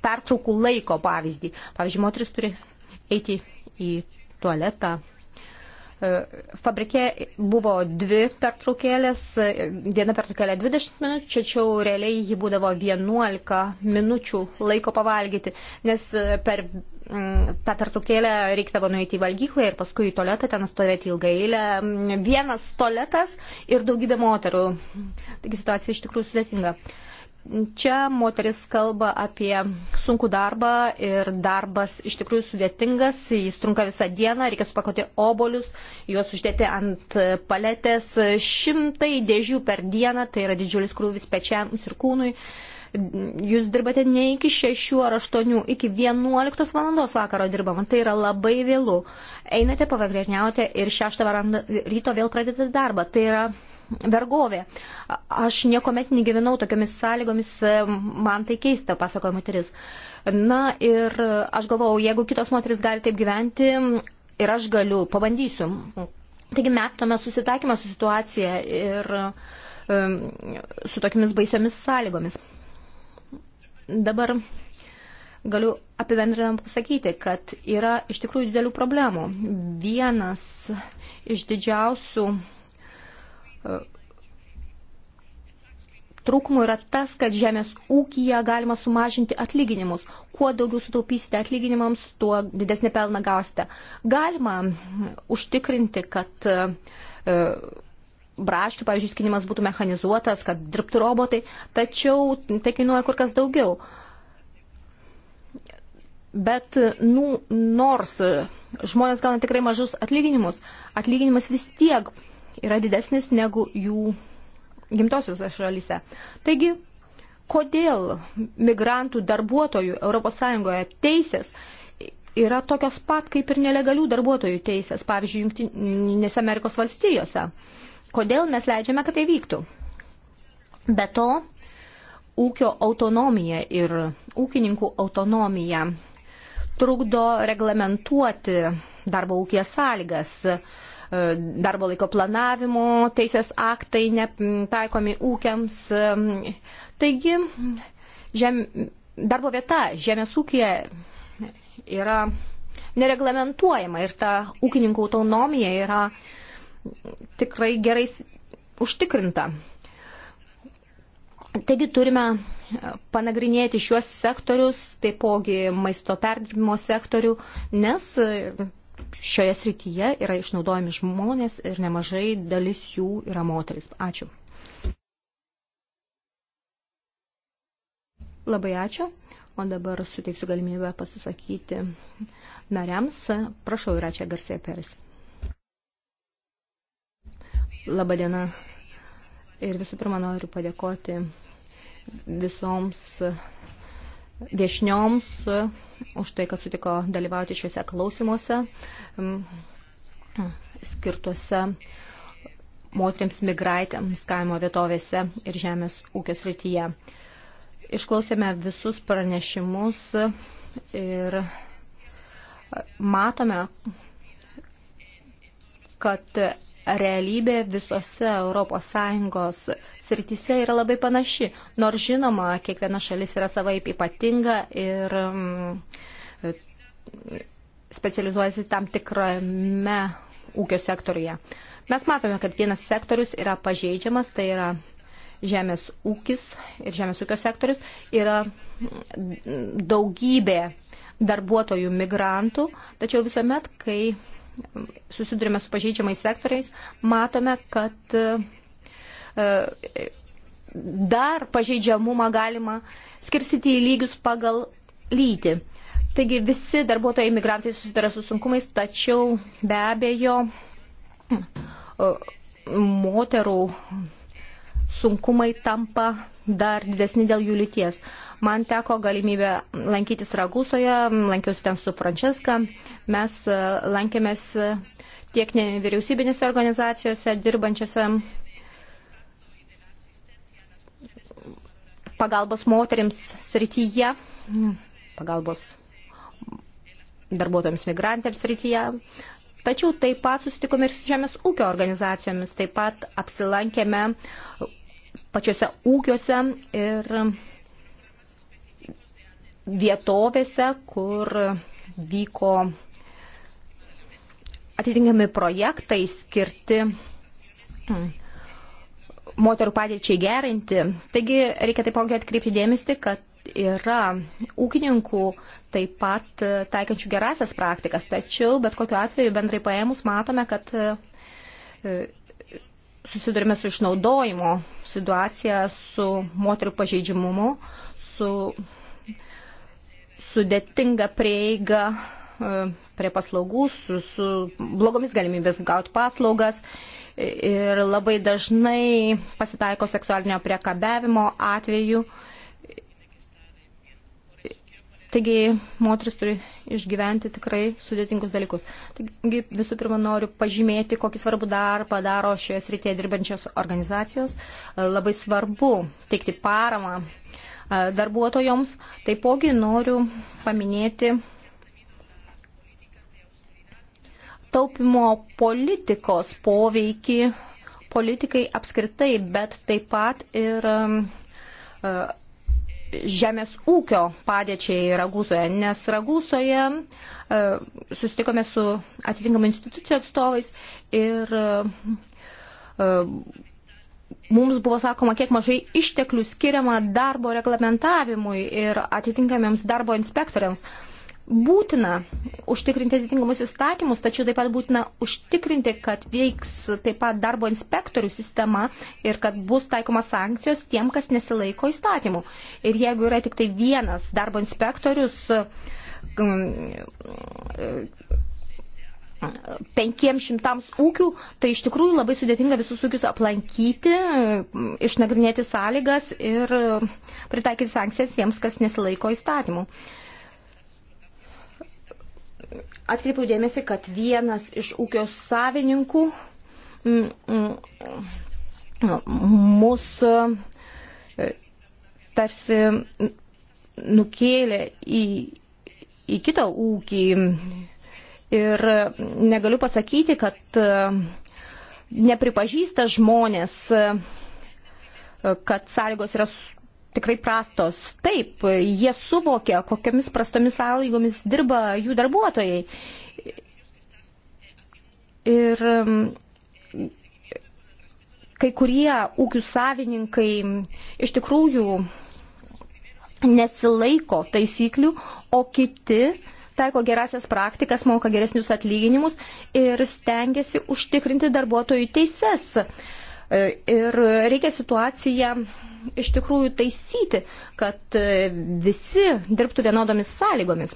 Speaker 3: pertraukų laiko pavyzdį. Pavyzdžiui, moteris turi eiti į tualetą. E, fabrike buvo dvi pertraukėlės, e, viena pertraukėlė 20 minučių, tačiau realiai ji būdavo 11 minučių laiko pavalgyti, nes e, per Mm, tą pertraukėlę reikdavo nueiti į valgyklą ir paskui į tualetą, ten stovėti ilgą eilę. Mm, vienas tualetas ir daugybė moterų. Taigi situacija iš tikrųjų sudėtinga. Čia moteris kalba apie sunkų darbą ir darbas iš tikrųjų sudėtingas, jis trunka visą dieną, reikia supakoti obolius, juos uždėti ant paletės, šimtai dėžių per dieną, tai yra didžiulis krūvis pečiams ir kūnui. Uh, Jūs dirbate ne iki 6 ar 8, iki 11 valandos vakaro dirbama. Tai yra labai vėlu. Einate, pavagrėžniaujate ir 6 valandą ryto vėl pradedate darbą. Tai yra vergovė. Aš niekuomet negyvenau tokiamis sąlygomis, man tai keista, pasakoja moteris. Na ir aš galvau, jeigu kitos moteris gali taip gyventi, ir aš galiu, pabandysiu. Taigi metome susitaikymą su situacija ir um, su tokiamis baisiomis sąlygomis. Dabar galiu apibendrinam pasakyti, kad yra iš tikrųjų didelių problemų. Vienas iš didžiausių e, trūkumų yra tas, kad žemės ūkija galima sumažinti atlyginimus. Kuo daugiau sutaupysite atlyginimams, tuo didesnį pelną gausite. Galima užtikrinti, kad e, braškių, pavyzdžiui, skinimas būtų mechanizuotas, kad dirbtų robotai, tačiau tai kainuoja kur kas daugiau. Bet nu, nors žmonės gauna tikrai mažus atlyginimus, atlyginimas vis tiek yra didesnis negu jų gimtosiuose šalyse. Taigi, kodėl migrantų darbuotojų ES teisės yra tokios pat kaip ir nelegalių darbuotojų teisės, pavyzdžiui, Junktinėse Amerikos valstijose. Kodėl mes leidžiame, kad tai vyktų? Be to, ūkio autonomija ir ūkininkų autonomija trukdo reglamentuoti darbo ūkės sąlygas. E, darbo laiko planavimo teisės aktai netaikomi ūkiams. E, taigi, žem, darbo vieta žemės ūkija yra nereglamentuojama ir ta ūkininkų autonomija yra uh, tikrai gerai užtikrinta. Taigi turime e, panagrinėti šiuos sektorius, taipogi maisto perdirbimo sektorių, nes e, šioje srityje yra išnaudojami žmonės ir nemažai dalis jų yra moteris. Ačiū. Labai ačiū. O dabar suteiksiu galimybę pasisakyti nariams. Prašau, yra čia Garsė Peris. Labadiena. Ir visų pirma noriu padėkoti visoms viešnioms už tai, kad sutiko dalyvauti šiuose klausimuose skirtuose moteriams migraitėms kaimo vietovėse ir žemės ūkio srityje. Išklausėme visus pranešimus ir matome, kad realybė visose ES srityse yra labai panaši. Nors žinoma, kiekviena šalis yra savaip ypatinga ir mm, specializuojasi tam tikrame ūkio sektoriuje. Mes matome, kad vienas sektorius yra pažeidžiamas, tai yra žemės ūkis ir žemės ūkio sektorius yra mm, daugybė darbuotojų migrantų, tačiau visuomet, kai susidurime su pažeidžiamais sektoriais, matome, kad e, dar pažeidžiamumą galima skirstyti į lygius pagal lytį. Taigi visi darbuotojai imigrantai susiduria su sunkumais, tačiau be abejo moterų sunkumai tampa dar didesni dėl jų lyties. Man teko galimybė lankytis Ragusoje, lankiausi ten su Frančeska, mes e, lankėmės tiek nevyriausybinėse organizacijose dirbančiose pagalbos moteriams srityje, pagalbos darbuotojams migrantėms srityje. Tačiau taip pat susitikome ir su žemės ūkio organizacijomis, taip pat apsilankėme pačiose ūkiuose ir vietovėse, kur vyko atitinkami projektai skirti moterų padėčiai gerinti. Taigi reikia taipogi atkreipti dėmesį, kad yra ūkininkų taip pat taikančių gerasias praktikas, tačiau bet kokiu atveju bendrai paėmus matome, kad susidurime su išnaudojimo situacija, su moterų pažeidžiamumu, su sudėtinga prieiga e, prie paslaugų, su, su blogomis galimybės gauti paslaugas. E, ir labai dažnai pasitaiko seksualinio priekabiavimo atveju. Taigi, moteris turi išgyventi tikrai sudėtingus dalykus. Taigi, visų pirma, noriu pažymėti, kokį svarbų darbą daro šioje srityje dirbančios organizacijos. Labai svarbu teikti paramą e, darbuotojoms. Taipogi noriu paminėti taupimo politikos poveikį politikai apskritai, bet taip pat ir e, žemės ūkio padėčiai Ragūzoje, nes Ragūzoje e, susitikome su atitinkamų institucijų atstovais ir e, mums buvo sakoma, kiek mažai išteklių skiriama darbo reglamentavimui ir atitinkamiems darbo inspektoriams būtina užtikrinti atitinkamus įstatymus, tačiau taip pat būtina užtikrinti, kad veiks taip pat darbo inspektorių sistema ir kad bus taikomas sankcijos tiem, kas nesilaiko įstatymų. Ir jeigu yra tik tai vienas darbo inspektorius mm, penkiems šimtams ūkių, tai iš tikrųjų labai sudėtinga visus ūkius aplankyti, išnagrinėti sąlygas ir pritaikyti sankcijas tiems, kas nesilaiko įstatymų. Uh, atkreipiau dėmesį, kad vienas iš ūkio savininkų mus e, tarsi nukėlė į, į kitą ūkį. Ir negaliu pasakyti, kad e, nepripažįsta žmonės, e, kad sąlygos yra tikrai prastos. Taip, jie suvokia, kokiamis prastomis sąlygomis dirba jų darbuotojai. Ir um, kai kurie ūkių savininkai iš tikrųjų nesilaiko taisyklių, o kiti taiko gerasias praktikas, moka geresnius atlyginimus ir stengiasi užtikrinti darbuotojų teises. E, ir reikia situaciją iš tikrųjų taisyti, kad e, visi dirbtų vienodomis sąlygomis.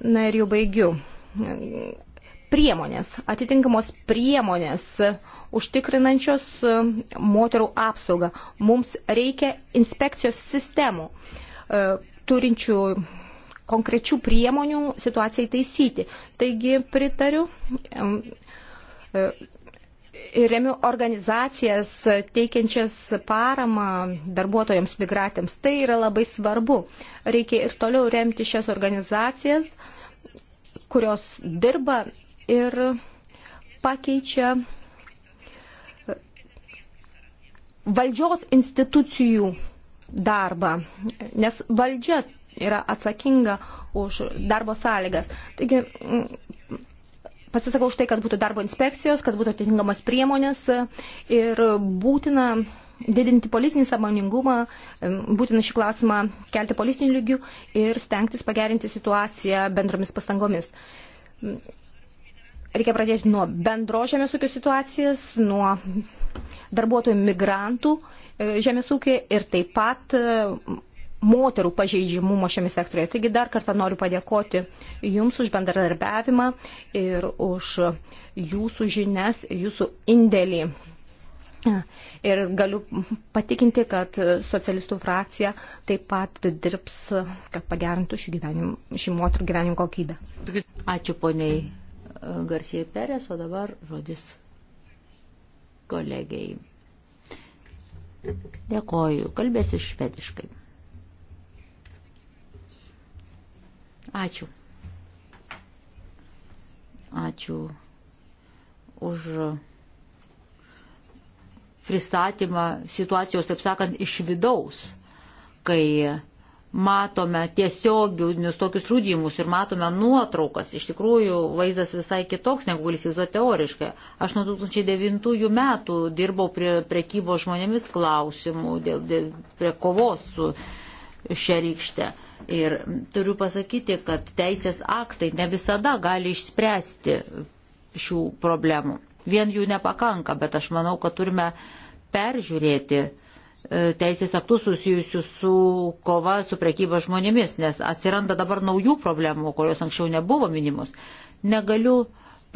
Speaker 3: Na ir jau baigiu. Priemonės, atitinkamos priemonės užtikrinančios e, moterų apsaugą. Mums reikia inspekcijos sistemų, e, turinčių konkrečių priemonių situacijai taisyti. Taigi pritariu remiu organizacijas teikiančias paramą darbuotojams migratėms. Tai yra labai svarbu. Reikia ir toliau remti šias organizacijas, kurios dirba ir pakeičia valdžios institucijų darbą, nes valdžia yra atsakinga už darbo sąlygas. Taigi pasisakau už tai, kad būtų darbo inspekcijos, kad būtų atitinkamos priemonės ir būtina didinti politinį samoningumą, būtina šį klausimą kelti politiniu lygiu ir stengtis pagerinti situaciją bendromis pastangomis. Reikia pradėti nuo bendro žemės ūkio situacijos, nuo darbuotojų migrantų e, žemės ūkio ir taip pat e, moterų pažeidžiamumo šiame sektorėje. Taigi dar kartą noriu padėkoti Jums už bendradarbiavimą ir už Jūsų žinias ir Jūsų indėlį. Ir galiu patikinti, kad socialistų frakcija taip pat dirbs, kad pagerintų šį, gyvenim, šį
Speaker 1: moterų gyvenimo kokybę. Ačiū poniai e, Garsijai Perės, o dabar žodis kolegiai. Dėkoju, kalbėsiu švediškai. Ačiū. Ačiū už pristatymą situacijos, taip sakant, iš vidaus, kai matome tiesioginius tokius liūdimus ir matome nuotraukas. Iš tikrųjų, vaizdas visai kitoks, negu gali įsivaizduoti teoriškai. Aš nuo 2009 metų dirbau prie prekybo žmonėmis klausimų, dėl, dėl, prie kovos su šia rykšte. Uh, Ir turiu pasakyti, kad teisės aktai ne visada gali išspręsti šių problemų. Vien jų nepakanka, bet aš manau, kad turime peržiūrėti e, teisės aktus susijusius su kova su prekyba žmonėmis, nes atsiranda dabar naujų problemų, kurios anksčiau nebuvo minimus. Negaliu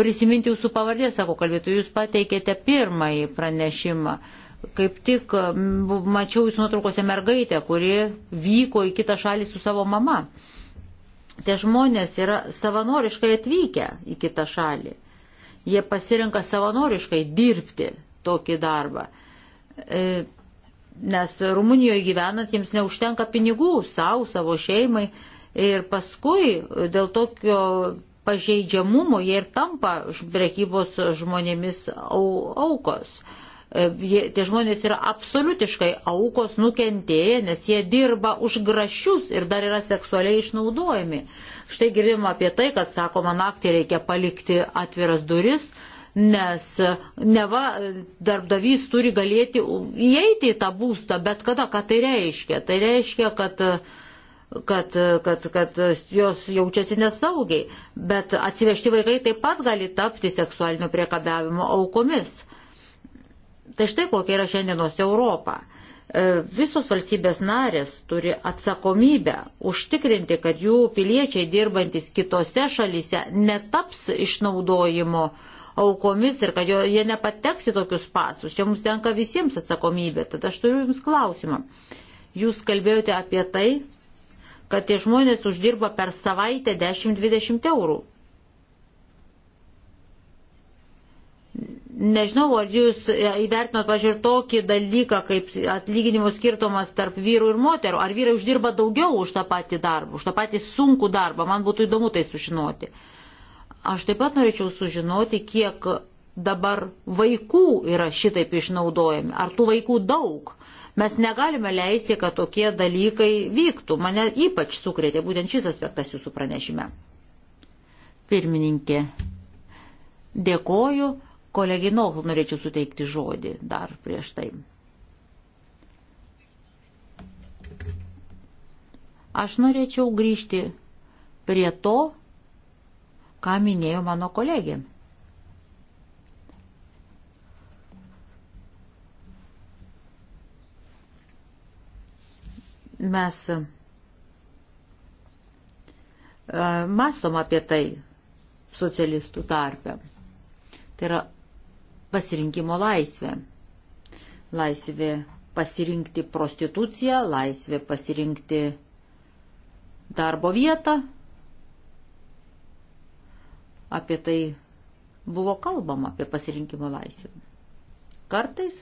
Speaker 1: prisiminti jūsų pavardės, sako kalbėtojų, jūs pateikėte pirmąjį pranešimą. Kaip tik mačiau jūs nuotraukose mergaitę, kuri vyko į kitą šalį su savo mama. Tie žmonės yra savanoriškai atvykę į kitą šalį. Jie pasirenka savanoriškai dirbti tokį darbą. E, nes Rumunijoje gyvenant jiems neužtenka pinigų savo, savo šeimai. Ir paskui dėl tokio pažeidžiamumo jie ir tampa prekybos žmonėmis aukos. Au E, jie, tie žmonės yra absoliutiškai aukos nukentėję, nes jie dirba už grašius ir dar yra seksualiai išnaudojami. Štai girdim apie tai, kad sakoma, naktį reikia palikti atviras duris, nes neva darbdavys turi galėti įeiti į tą būstą, bet kada, ką tai reiškia? Tai reiškia, kad kad, kad, kad jos jaučiasi nesaugiai, bet atsivežti vaikai taip pat gali tapti seksualinio priekabiavimo aukomis. Tai štai kokia yra šiandienos Europa. E, visos valstybės narės turi atsakomybę užtikrinti, kad jų piliečiai dirbantis kitose šalyse netaps išnaudojimo aukomis ir kad jie nepateks į tokius pasus. Čia mums tenka visiems atsakomybė. Tad aš turiu Jums klausimą. Jūs kalbėjote apie tai, kad tie žmonės uždirba per savaitę 10-20 eurų. Nežinau, ar jūs e, įvertinot, pažiūrėjau, tokį dalyką, kaip atlyginimų skirtumas tarp vyrų ir moterų. Ar vyrai uždirba daugiau už tą patį darbą, už tą patį sunkų darbą? Man būtų įdomu tai sužinoti. Aš taip pat norėčiau sužinoti, kiek dabar vaikų yra šitaip išnaudojami. Ar tų vaikų daug? Mes negalime leisti, kad tokie dalykai vyktų. Mane ypač sukrėtė būtent šis aspektas jūsų pranešime. Pirmininkė, dėkoju. Kolegiai Nohl norėčiau suteikti žodį dar prieš tai. Aš norėčiau grįžti prie to, ką minėjo mano kolegė. Mes e, mastom apie tai socialistų tarpe. Tai yra pasirinkimo laisvė. Laisvė pasirinkti prostituciją, laisvė pasirinkti darbo vietą. Apie tai buvo kalbama, apie pasirinkimo laisvę. Kartais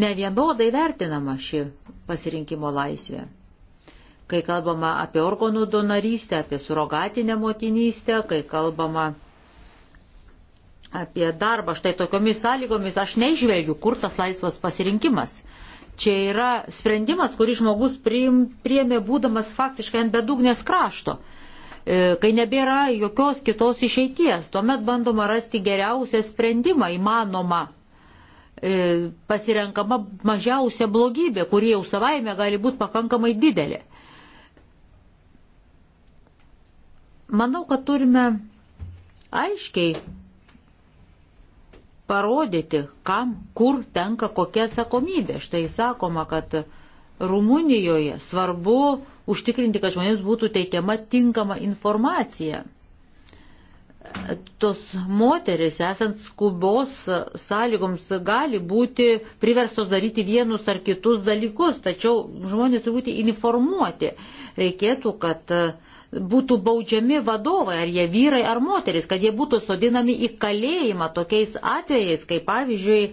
Speaker 1: nevienodai vertinama ši pasirinkimo laisvė kai kalbama apie organų donorystę, apie surogatinę motinystę, kai kalbama apie darbą. Štai tokiomis sąlygomis aš neižvelgiu, kur tas laisvas pasirinkimas. Čia yra sprendimas, kurį žmogus priėmė būdamas faktiškai ant bedugnės krašto. E, kai nebėra jokios kitos išeities, tuomet bandoma rasti geriausią sprendimą įmanomą e, pasirenkama mažiausia blogybė, kurie jau savaime gali būti pakankamai didelė. Manau, kad turime aiškiai parodyti, kam, kur tenka kokia atsakomybė. Štai sakoma, kad Rumunijoje svarbu užtikrinti, kad žmonėms būtų teikiama tinkama informacija. Tos moteris, esant skubos sąlygoms, gali būti priverstos daryti vienus ar kitus dalykus, tačiau žmonės turi būti informuoti. Reikėtų, kad uh, būtų baudžiami vadovai, ar jie vyrai ar moteris, kad jie būtų sodinami į kalėjimą tokiais atvejais, kaip pavyzdžiui, e,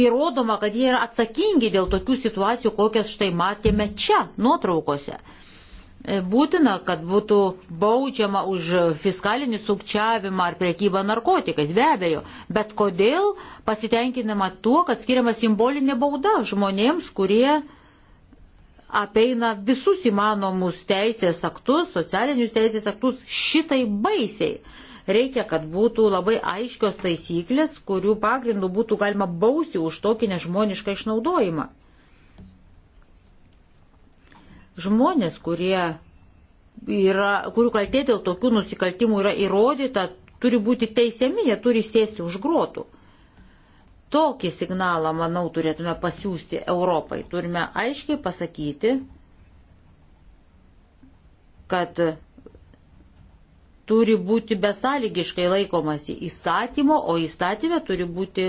Speaker 1: įrodoma, kad jie yra atsakingi dėl tokių situacijų, kokias štai matėme čia nuotraukose. E, būtina, kad būtų baudžiama už fiskalinį sukčiavimą ar priekybą narkotikais, be abejo. Bet kodėl pasitenkinama tuo, kad skiriama simbolinė bauda žmonėms, kurie uh, apeina visus įmanomus teisės aktus, socialinius teisės aktus šitai baisiai. Reikia, kad būtų labai aiškios taisyklės, kurių pagrindų būtų galima bausti už tokį nežmonišką išnaudojimą. Žmonės, kurie yra, kurių kaltė dėl tokių nusikaltimų yra įrodyta, turi būti teisiami, jie turi sėsti už grotų. Tokį signalą, manau, turėtume pasiūsti Europai. Turime aiškiai pasakyti, kad turi būti besąlygiškai laikomasi įstatymo, o įstatymė turi būti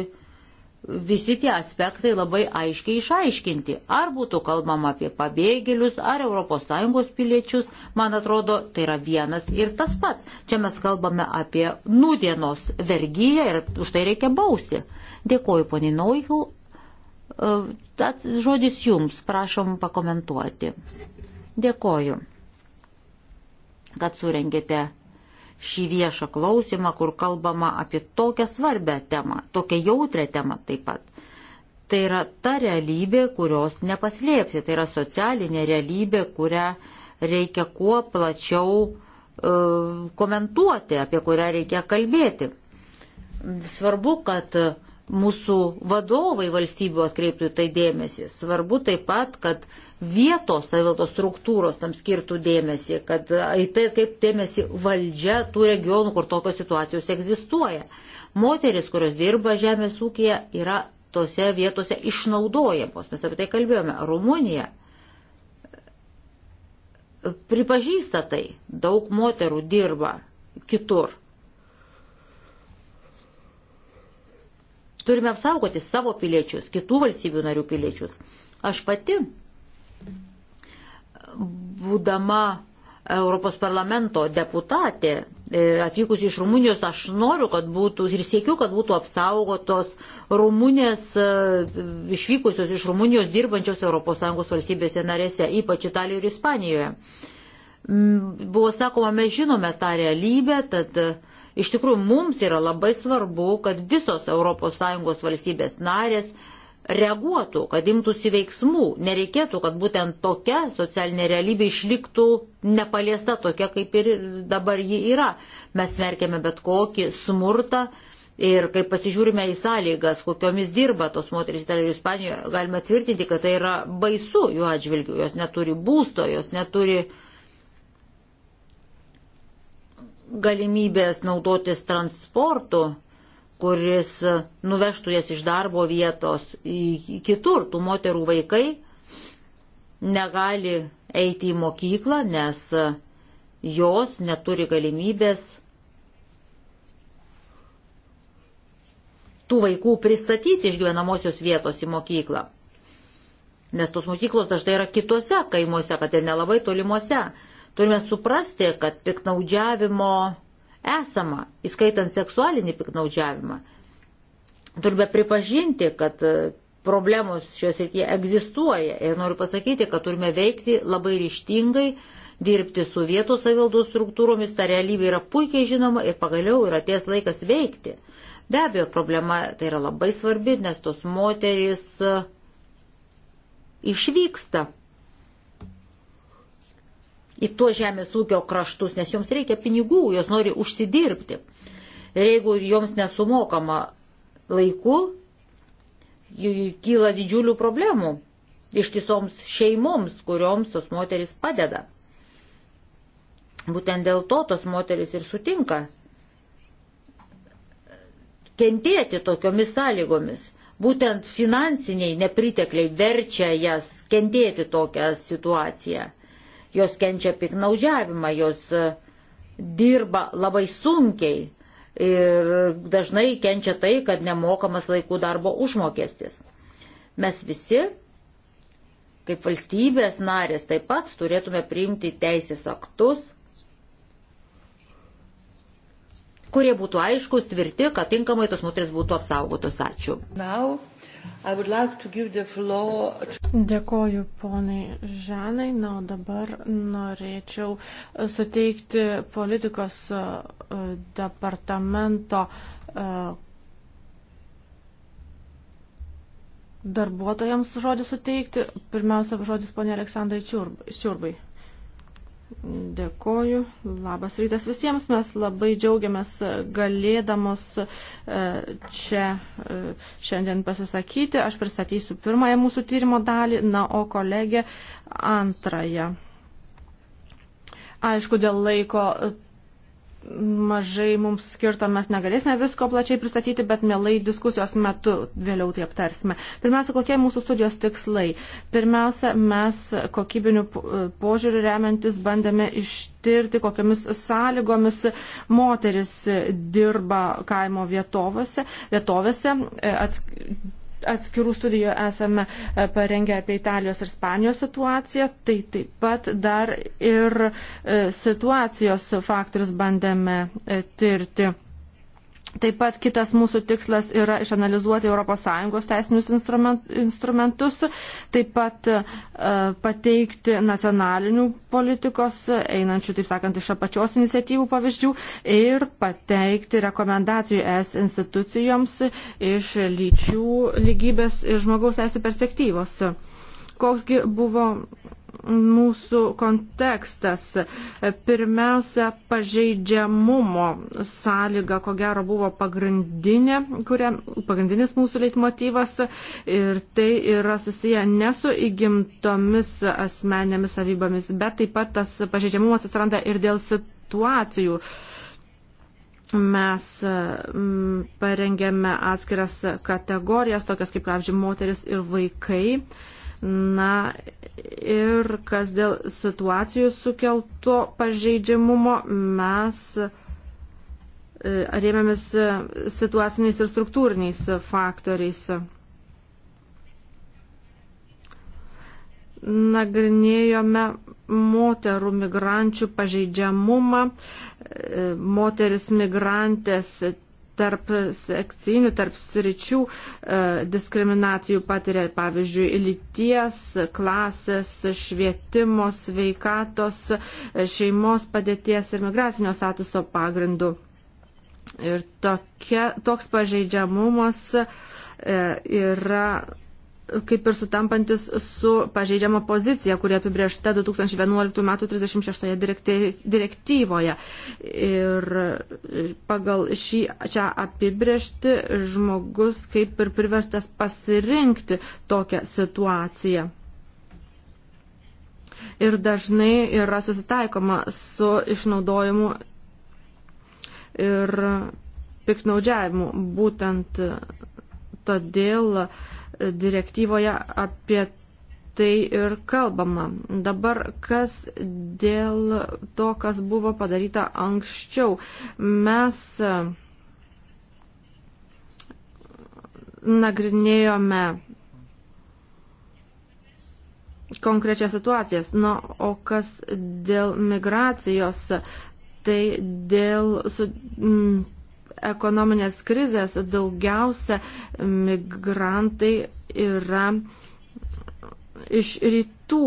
Speaker 1: visi tie aspektai labai aiškiai išaiškinti. Ar būtų kalbama apie pabėgėlius, ar ES piliečius, man atrodo, tai yra vienas ir tas pats. Čia mes kalbame apie nudienos vergyją ir už tai reikia bausti. Dėkoju, poniai Nauikau. E, tas žodis jums, prašom pakomentuoti. Dėkoju, kad surengėte šį viešą klausimą, kur kalbama apie tokią svarbę temą, tokią jautrę temą taip pat. Tai yra ta realybė, kurios nepaslėpti, tai yra socialinė realybė, kurią reikia kuo plačiau e, komentuoti, apie kurią reikia kalbėti. Svarbu, kad mūsų vadovai valstybių atkreiptų tai dėmesį. Svarbu taip pat, kad vietos savivaldos struktūros tam skirtų dėmesį, kad į tai kaip dėmesį valdžia tų regionų, kur tokios situacijos egzistuoja. Moteris, kurios dirba žemės ūkija, yra tose vietose išnaudojamos. Mes apie tai kalbėjome. Rumunija pripažįsta tai. Daug moterų dirba kitur. Turime apsaugoti savo piliečius, kitų valstybių narių piliečius. Aš pati būdama Europos parlamento deputatė, e, atvykusi iš Rumunijos, aš noriu, kad būtų ir siekiu, kad būtų apsaugotos Rumunės, e, išvykusios iš Rumunijos dirbančios ES valstybėse narėse, ypač Italijoje ir Ispanijoje. Mm, buvo sakoma, mes žinome tą realybę, tad e, iš tikrųjų mums yra labai svarbu, kad visos ES valstybės narės reaguotų, kad imtųsi veiksmų, nereikėtų, kad būtent tokia socialinė realybė išliktų nepaliesta tokia, kaip ir dabar ji yra. Mes merkėme bet kokį smurtą ir kai pasižiūrime į sąlygas, kokiomis dirba tos moteris Italijoje ir Ispanijoje, galime tvirtinti, kad tai yra baisu jų atžvilgių, jos neturi būsto, jos neturi galimybės naudotis transportu kuris nuvežtų jas iš darbo vietos į kitur. Tų moterų vaikai negali eiti į mokyklą, nes jos neturi galimybės tų vaikų pristatyti iš gyvenamosios vietos į mokyklą. Nes tos mokyklos dažnai yra kitose kaimuose, kad ir nelabai tolimuose. Turime suprasti, kad piknaudžiavimo esama, įskaitant seksualinį piknaudžiavimą. Turime pripažinti, kad e, problemos šios rytyje egzistuoja ir noriu pasakyti, kad turime veikti labai ryštingai, dirbti su vietos savivaldos struktūromis, ta realybė yra puikiai žinoma ir pagaliau yra ties laikas veikti. Be abejo, problema tai yra labai svarbi, nes tos moterys e, išvyksta į tuos žemės ūkio kraštus, nes joms reikia pinigų, jos nori užsidirbti. Ir jeigu joms nesumokama laiku, kyla didžiulių problemų ištisoms šeimoms, kurioms tos moteris padeda. Būtent dėl to tos moteris ir sutinka kentėti tokiomis sąlygomis. Būtent finansiniai nepritekliai verčia jas kentėti tokią situaciją jos kenčia piknaudžiavimą, jos e, dirba labai sunkiai ir dažnai kenčia tai, kad nemokamas laikų darbo užmokestis. Mes visi, kaip valstybės narės, taip pat turėtume priimti teisės aktus, kurie būtų aiškus, tvirti, kad tinkamai tos moteris būtų apsaugotos. Ačiū. Now.
Speaker 2: Like floor... Dėkoju ponai Žanai, na o dabar norėčiau e, suteikti politikos e, e, departamento darbuotojams žodį suteikti. Pirmiausia, žodis ponė Aleksandrai Čiurbai. Dėkoju. Labas rytas visiems. Mes labai džiaugiamės galėdamos e, čia e, šiandien pasisakyti. Aš pristatysiu pirmąją mūsų tyrimo dalį, na, o kolegė antrąją. Aišku, dėl laiko mažai mums skirto, mes negalėsime visko plačiai pristatyti, bet mielai diskusijos metu vėliau tai aptarsime. Pirmiausia, kokie mūsų studijos tikslai? Pirmiausia, mes kokybiniu požiūriu remiantis bandėme ištirti, kokiamis sąlygomis moteris dirba kaimo vietovose, vietovėse. E, Ats atskirų studijų esame e, parengę apie Italijos ir Spanijos situaciją, tai taip pat dar ir e, situacijos faktorius bandėme e, tirti. Taip pat kitas mūsų tikslas yra išanalizuoti ES teisinius instrumentus, taip pat e, pateikti nacionalinių politikos, einančių, taip sakant, iš apačios iniciatyvų pavyzdžių ir pateikti rekomendacijų es institucijoms iš lyčių lygybės ir žmogaus teisų perspektyvos. Koksgi buvo mūsų kontekstas. Pirmiausia, pažeidžiamumo sąlyga, ko gero, buvo pagrindinė, kuria, pagrindinis mūsų leitmotyvas ir tai yra susiję ne su įgimtomis asmenėmis savybomis, bet taip pat tas pažeidžiamumas atsiranda ir dėl situacijų. Mes mm, parengėme atskiras kategorijas, tokias kaip, pavyzdžiui, moteris ir vaikai. Na ir kas dėl situacijų sukelto pažeidžiamumo, mes e, rėmėmės situaciniais ir struktūriniais faktoriais. Nagrinėjome moterų migrančių pažeidžiamumą, e, moteris migrantės tarp sekcijinių, tarp sričių e, diskriminacijų patiria, pavyzdžiui, lyties, klasės, švietimo, sveikatos, šeimos padėties ir migracinio statuso pagrindų. Ir tokia, toks pažeidžiamumas e, yra kaip ir sutampantis su pažeidžiama pozicija, kuri apibriešta 2011 m. 36 direktyvoje. Ir e, pagal šį čia apibriešti žmogus kaip ir priverstas pasirinkti tokią situaciją. Ir dažnai yra susitaikoma su išnaudojimu ir piknaudžiavimu. Būtent todėl uh, direktyvoje apie tai ir kalbama. Dabar kas dėl to, kas buvo padaryta anksčiau. Mes e, nagrinėjome konkrečias situacijas. Na, o kas dėl migracijos, tai dėl su, m, ekonominės krizės daugiausia migrantai yra iš rytų.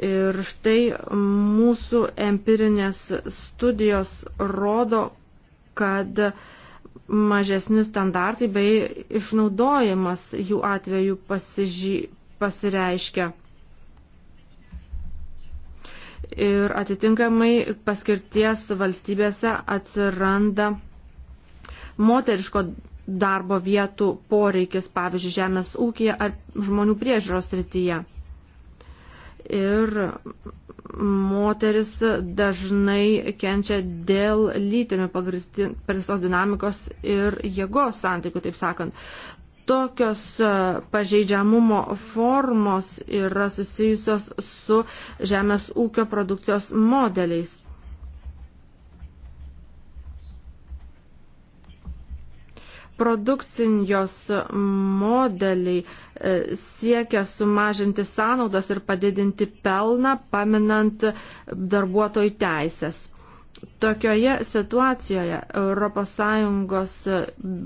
Speaker 2: Ir štai mūsų empirinės studijos rodo, kad mažesni standartai bei išnaudojimas jų atveju pasiži... pasireiškia. Ir atitinkamai paskirties valstybėse atsiranda moteriško darbo vietų poreikis, pavyzdžiui, žemės ūkija ar žmonių priežiūros srityje. Ir moteris dažnai kenčia dėl lytinių pagristos dinamikos ir jėgos santykių, taip sakant. Tokios e, pažeidžiamumo formos yra susijusios su žemės ūkio produkcijos modeliais. produkcijos modeliai e, siekia sumažinti sąnaudas ir padidinti pelną, paminant darbuotojų teisės. Tokioje situacijoje ES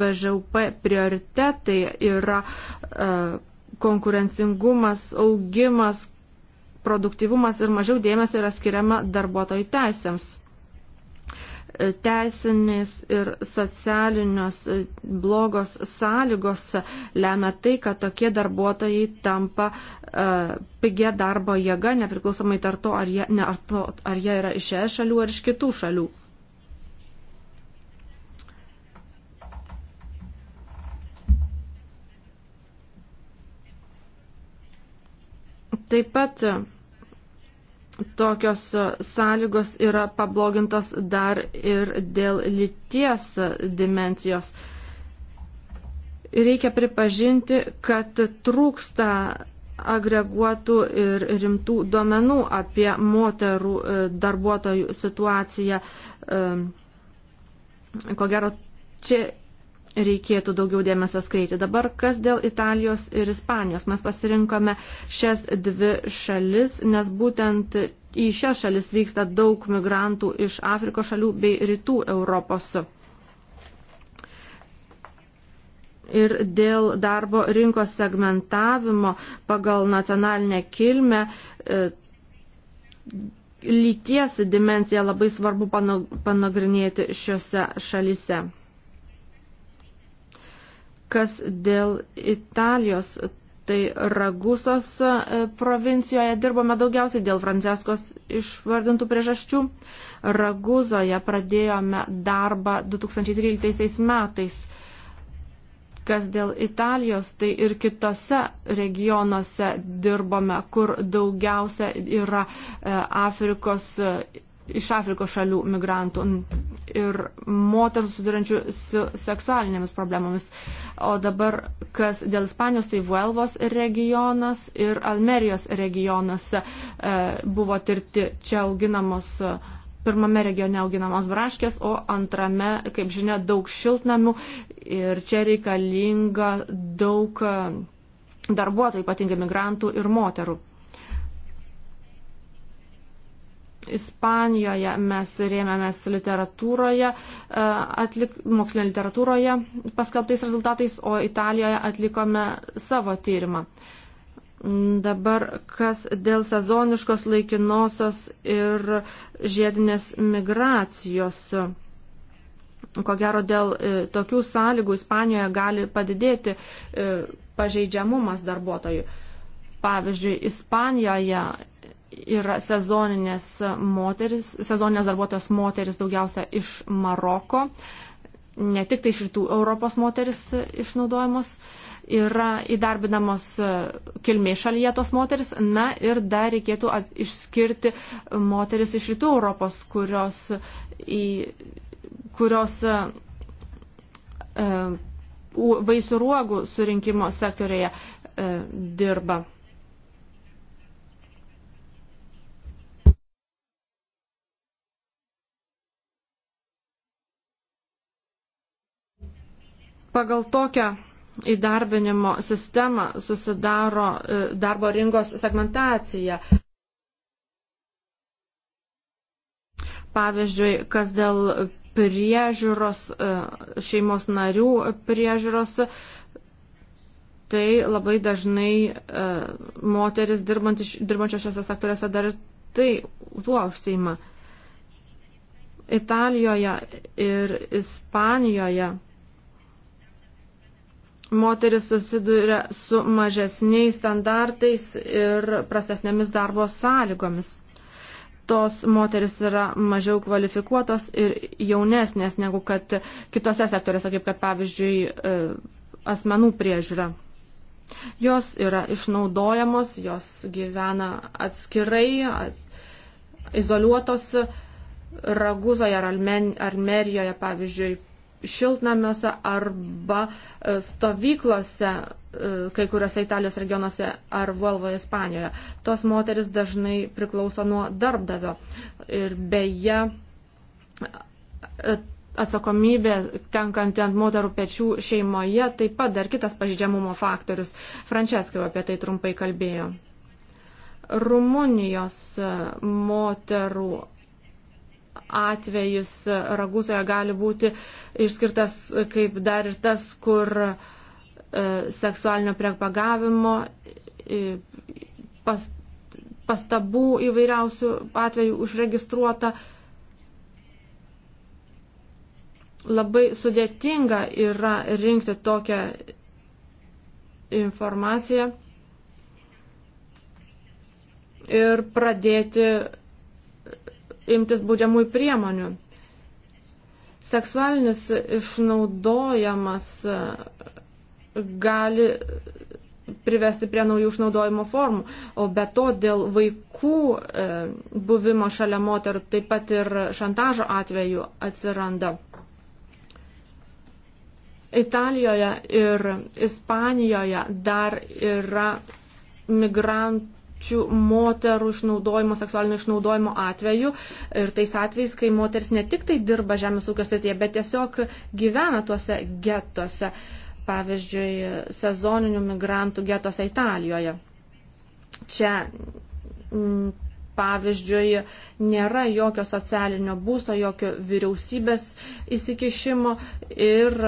Speaker 2: BŽUP prioritetai yra e, konkurencingumas, augimas, produktivumas ir mažiau dėmesio yra skiriama darbuotojų teisėms teisinės ir socialinios e, blogos sąlygos lemia tai, kad tokie darbuotojai tampa uh, pigia darbo jėga, nepriklausomai ar to, ar jie, ne, ar to, ar jie yra iš šią šalių ar iš kitų šalių. Taip pat tokios sąlygos yra pablogintos dar ir dėl lyties dimencijos. Reikia pripažinti, kad trūksta agreguotų ir rimtų duomenų apie moterų e, darbuotojų situaciją. E, ko gero, čia reikėtų daugiau dėmesio skreiti. Dabar kas dėl Italijos ir Ispanijos? Mes pasirinkome šias dvi šalis, nes būtent į šias šalis vyksta daug migrantų iš Afrikos šalių bei rytų Europos. Ir dėl darbo rinkos segmentavimo pagal nacionalinę kilmę e, lyties dimenciją labai svarbu panagrinėti šiuose šalise. Kas dėl Italijos, tai Ragusos e, provincijoje dirbome daugiausiai dėl Franceskos išvardintų priežasčių. Raguzoje pradėjome darbą 2013 metais. Kas dėl Italijos, tai ir kitose regionuose dirbome, kur daugiausia yra e, Afrikos e, iš Afrikos šalių migrantų ir moterų susidurančių su seksualinėmis problemomis. O dabar, kas dėl Ispanijos, tai Vuelvos regionas ir Almerijos regionas e, buvo tirti čia auginamos. E, pirmame regione auginamos braškės, o antrame, kaip žinia, daug šiltnamių ir čia reikalinga daug e, darbuotojų, ypatingai migrantų ir moterų. Ispanijoje mes rėmėmės literatūroje, e, atlik, mokslinė literatūroje paskelbtais rezultatais, o Italijoje atlikome savo tyrimą. Dabar kas dėl sezoniškos laikinosios ir žiedinės migracijos. Ko gero dėl e, tokių sąlygų Ispanijoje gali padidėti e, pažeidžiamumas darbuotojų. Pavyzdžiui, Ispanijoje yra sezoninės, moteris, sezoninės darbuotojos moteris daugiausia iš Maroko. Ne tik tai iš rytų Europos moteris išnaudojamos, yra įdarbinamos kilmės šalyje tos moteris. Na ir dar reikėtų at, išskirti moteris iš rytų Europos, kurios, į, kurios e, vaisių ruogų surinkimo sektorėje e, dirba. Pagal tokią įdarbinimo sistemą susidaro e, darbo rinkos segmentacija. Pavyzdžiui, kas dėl priežiūros, e, šeimos narių priežiūros, tai labai dažnai e, moteris dirbančios šiose sektoriuose dar ir tai tuo užsieima. Italijoje ir Ispanijoje moteris susiduria su mažesniais standartais ir prastesnėmis darbo sąlygomis. Tos moteris yra mažiau kvalifikuotos ir jaunesnės negu kad kitose sektoriuose, kaip kad pavyzdžiui e, asmenų priežiūra. Jos yra išnaudojamos, jos gyvena atskirai, izoliuotos Raguzoje ar Armenijoje, pavyzdžiui, šiltnamiuose arba e, stovyklose e, kai kuriuose Italijos regionuose ar Volvoje Ispanijoje. Tos moteris dažnai priklauso nuo darbdavio. Ir beje, e, atsakomybė tenkanti ant moterų pečių šeimoje taip pat dar kitas pažydžiamumo faktorius. Frančeskai apie tai trumpai kalbėjo. Rumunijos moterų atvejis Ragusoje gali būti išskirtas kaip dar ir tas, kur e, seksualinio priepagavimo e, pas, pastabų įvairiausių atvejų užregistruota. Labai sudėtinga yra rinkti tokią informaciją ir pradėti imtis būdžiamųjų priemonių. Seksualinis išnaudojamas e, gali privesti prie naujų išnaudojimo formų. O be to dėl vaikų e, buvimo šalia moterų taip pat ir šantažo atveju atsiranda. Italijoje ir Ispanijoje dar yra migrant, pačių moterų išnaudojimo, seksualinio išnaudojimo atveju ir tais atvejais, kai moteris ne tik tai dirba žemės ūkio statyje, bet tiesiog gyvena tuose getuose, pavyzdžiui, sezoninių migrantų getuose Italijoje. Čia mm, pavyzdžiui, nėra jokio socialinio būsto, jokio vyriausybės įsikišimo ir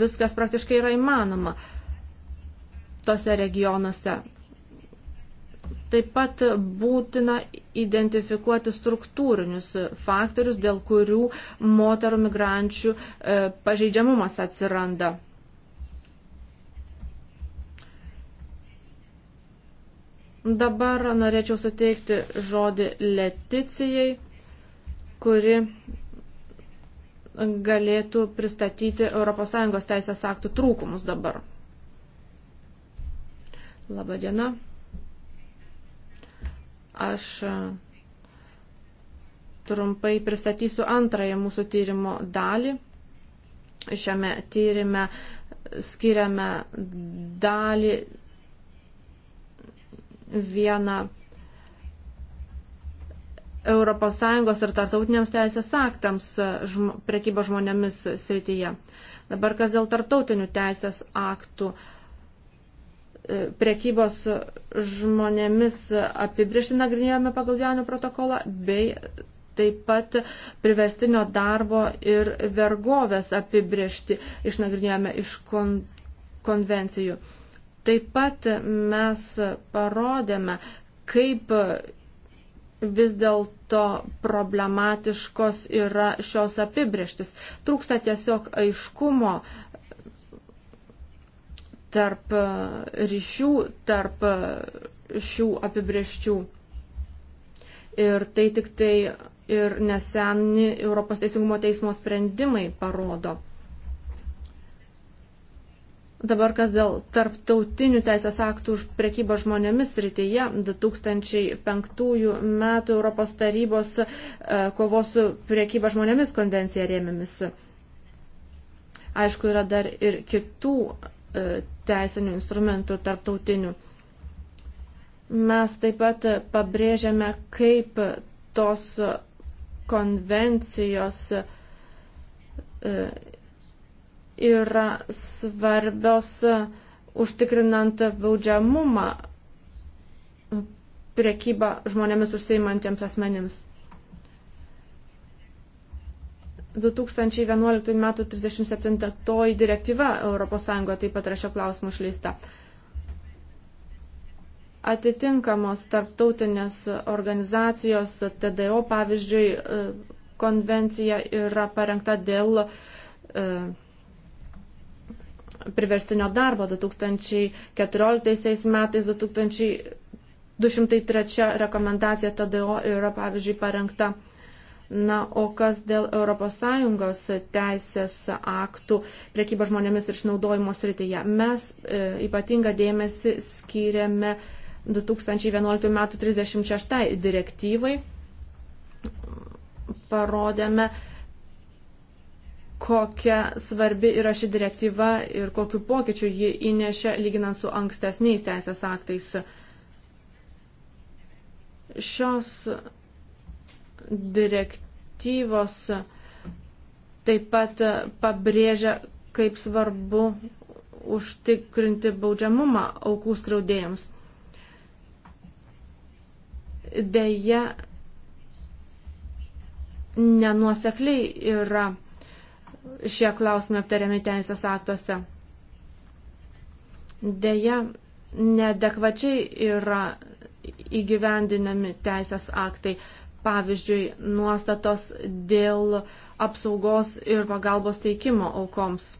Speaker 2: viskas praktiškai yra įmanoma tose regionuose. Taip pat būtina identifikuoti struktūrinius faktorius, dėl kurių moterų migrančių e, pažeidžiamumas atsiranda. Dabar norėčiau suteikti žodį Leticijai, kuri galėtų pristatyti ES teisės aktų trūkumus dabar. Labadiena. diena. Aš e, trumpai pristatysiu antrąją mūsų tyrimo dalį. Šiame tyrime skiriame dalį vieną ES ir tartautiniams teisės aktams e, žm prekybos žmonėmis srityje. Dabar kas dėl tartautinių teisės aktų. Uh, E, prekybos žmonėmis apibriešti nagrinėjome pagal Jonų protokolą, bei taip pat privestinio darbo ir vergovės apibriešti išnagrinėjome iš kon konvencijų. Taip pat mes parodėme, kaip vis dėlto problematiškos yra šios apibrieštis. Trūksta tiesiog aiškumo, uh, tarp e, ryšių, tarp e, šių apibrieščių. Ir tai tik tai ir neseni Europos Teisingumo teismo sprendimai parodo. Dabar kas dėl tarptautinių teisės aktų už prekybą žmonėmis rytyje 2005 metų Europos tarybos e, kovos su priekyba žmonėmis konvencija rėmėmis. Aišku, yra dar ir kitų teisinių instrumentų tarptautinių. Mes taip pat pabrėžiame, kaip tos konvencijos e, yra svarbios e, užtikrinant baudžiamumą priekybą žmonėmis užseimantiems asmenims. 2011 m. 37 direktyva ES taip pat yra šio klausimo išleista. Atitinkamos tarptautinės organizacijos TDO, pavyzdžiui, e, konvencija yra parengta dėl e, priverstinio darbo 2014 metais 2000. 203 rekomendacija TDO yra, pavyzdžiui, parengta Na, o kas dėl ES teisės aktų priekyba žmonėmis ir išnaudojimo srityje? Mes e, ypatingą dėmesį skiriame 2011 m. 36 direktyvai. Parodėme, kokia svarbi yra ši direktyva ir kokiu pokyčiu ji įnešė lyginant su ankstesniais teisės aktais. Šios direktyvos taip pat pabrėžia, kaip svarbu užtikrinti baudžiamumą aukų skriaudėjams. Deja, nenuosekliai yra šie klausimai aptariami teisės aktuose. Deja, neadekvačiai yra įgyvendinami teisės aktai pavyzdžiui, nuostatos dėl apsaugos ir pagalbos teikimo aukoms.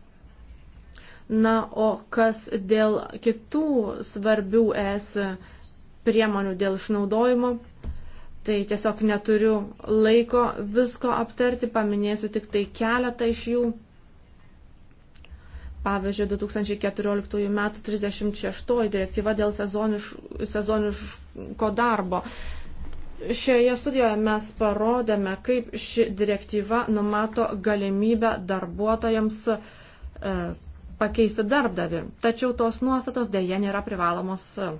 Speaker 2: Na, o kas dėl kitų svarbių es priemonių dėl išnaudojimo, tai tiesiog neturiu laiko visko aptarti, paminėsiu tik tai keletą iš jų. Pavyzdžiui, 2014 m. 36 direktyva dėl sezoniško darbo. Šioje studijoje mes parodėme, kaip ši direktyva numato galimybę darbuotojams e, pakeisti darbdavi. Tačiau tos nuostatos dėje nėra privalomos e,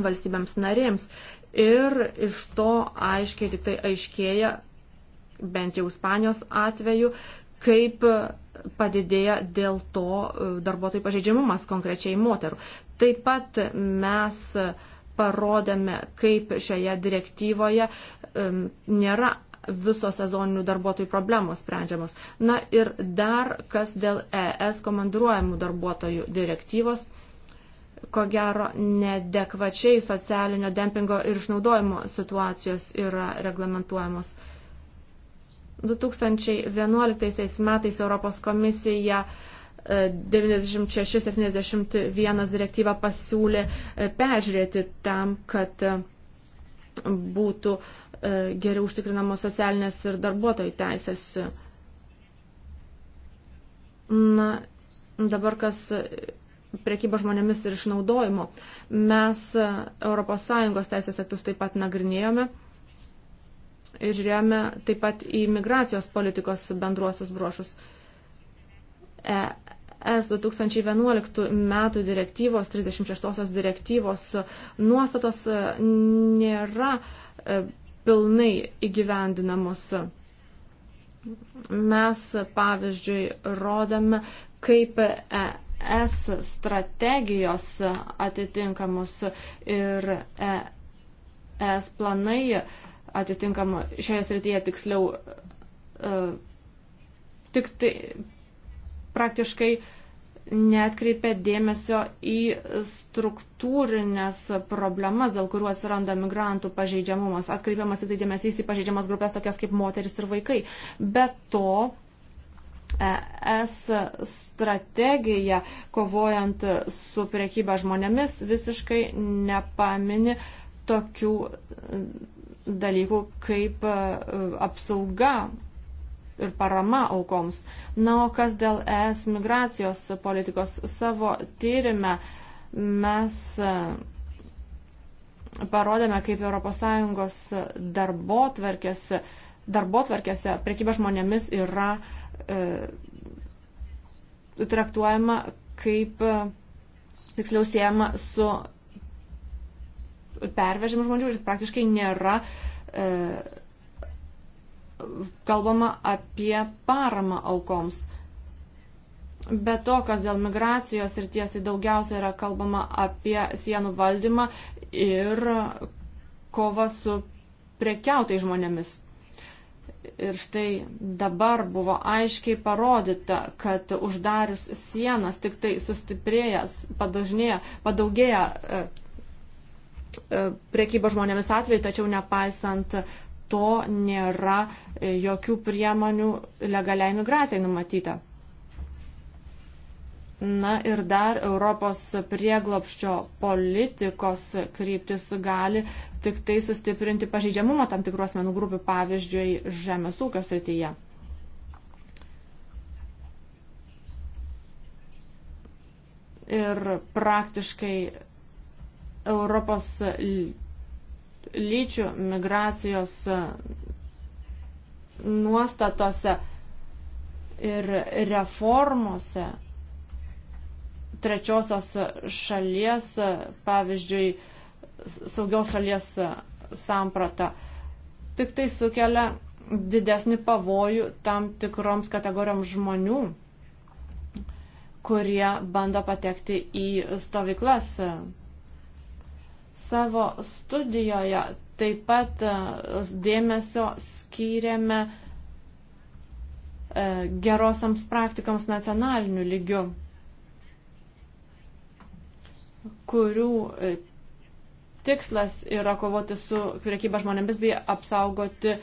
Speaker 2: valstybėms narėms. Ir iš to aiškiai tik tai aiškėja, bent jau Ispanijos atveju, kaip padidėja dėl to e, darbuotojų pažeidžiamumas konkrečiai moterų. Taip pat mes parodėme, kaip šioje direktyvoje um, nėra visos sezoninių darbuotojų problemos sprendžiamos. Na ir dar kas dėl ES komandiruojamų darbuotojų direktyvos ko gero nedekvačiai socialinio dempingo ir išnaudojimo situacijos yra reglamentuojamos. 2011 metais Europos komisija 96-71 direktyvą pasiūlė e, peržiūrėti tam, kad e, būtų e, geriau užtikrinamos socialinės ir darbuotojų teisės. Na, dabar kas priekyba žmonėmis ir išnaudojimo. Mes ES teisės aktus taip pat nagrinėjome ir žiūrėjome taip pat į migracijos politikos bendruosius brošus. ES 2011 metų direktyvos, 36 direktyvos nuostatos e, nėra e, pilnai įgyvendinamos. Mes, pavyzdžiui, rodame, kaip ES strategijos atitinkamos ir ES planai atitinkamo šioje srityje tiksliau e, tik tai praktiškai netkreipia dėmesio į struktūrinės problemas, dėl kurių atsiranda migrantų pažeidžiamumas. Atkreipiamas tik tai dėmesys į pažeidžiamas grupės tokias kaip moteris ir vaikai. Be to, ES strategija kovojant su priekyba žmonėmis visiškai nepamini tokių dalykų kaip e, apsauga ir parama aukoms. Na, o kas dėl ES migracijos politikos savo tyrimę mes e, parodėme, kaip ES darbotvarkėse, darbotvarkėse prekyba žmonėmis yra e, traktuojama kaip e, tiksliau siejama su pervežimu žmonių ir praktiškai nėra e, kalbama apie paramą aukoms. Be to, kas dėl migracijos ir tiesiai daugiausia yra kalbama apie sienų valdymą ir kovą su prekiautai žmonėmis. Ir štai dabar buvo aiškiai parodyta, kad uždarius sienas tik tai sustiprėjęs, padažnėja, padaugėja e, e, priekyba žmonėmis atvejai, tačiau nepaisant to nėra e, jokių priemonių legaliai migracijai numatyta. Na ir dar Europos prieglopščio politikos kryptis gali tik tai sustiprinti pažeidžiamumą tam tikrų asmenų grupių, pavyzdžiui, žemės ūkio srityje. Ir praktiškai Europos lyčių migracijos e, nuostatose ir reformose trečiosios šalies, e, pavyzdžiui, saugios šalies e, samprata, tik tai sukelia didesnį pavojų tam tikroms kategorijoms žmonių, kurie bando patekti į stovyklas Savo studijoje taip pat e, dėmesio skyrėme e, gerosiams praktikams nacionaliniu lygiu, kurių e, tikslas yra kovoti su priekyba žmonėmis bei apsaugoti e,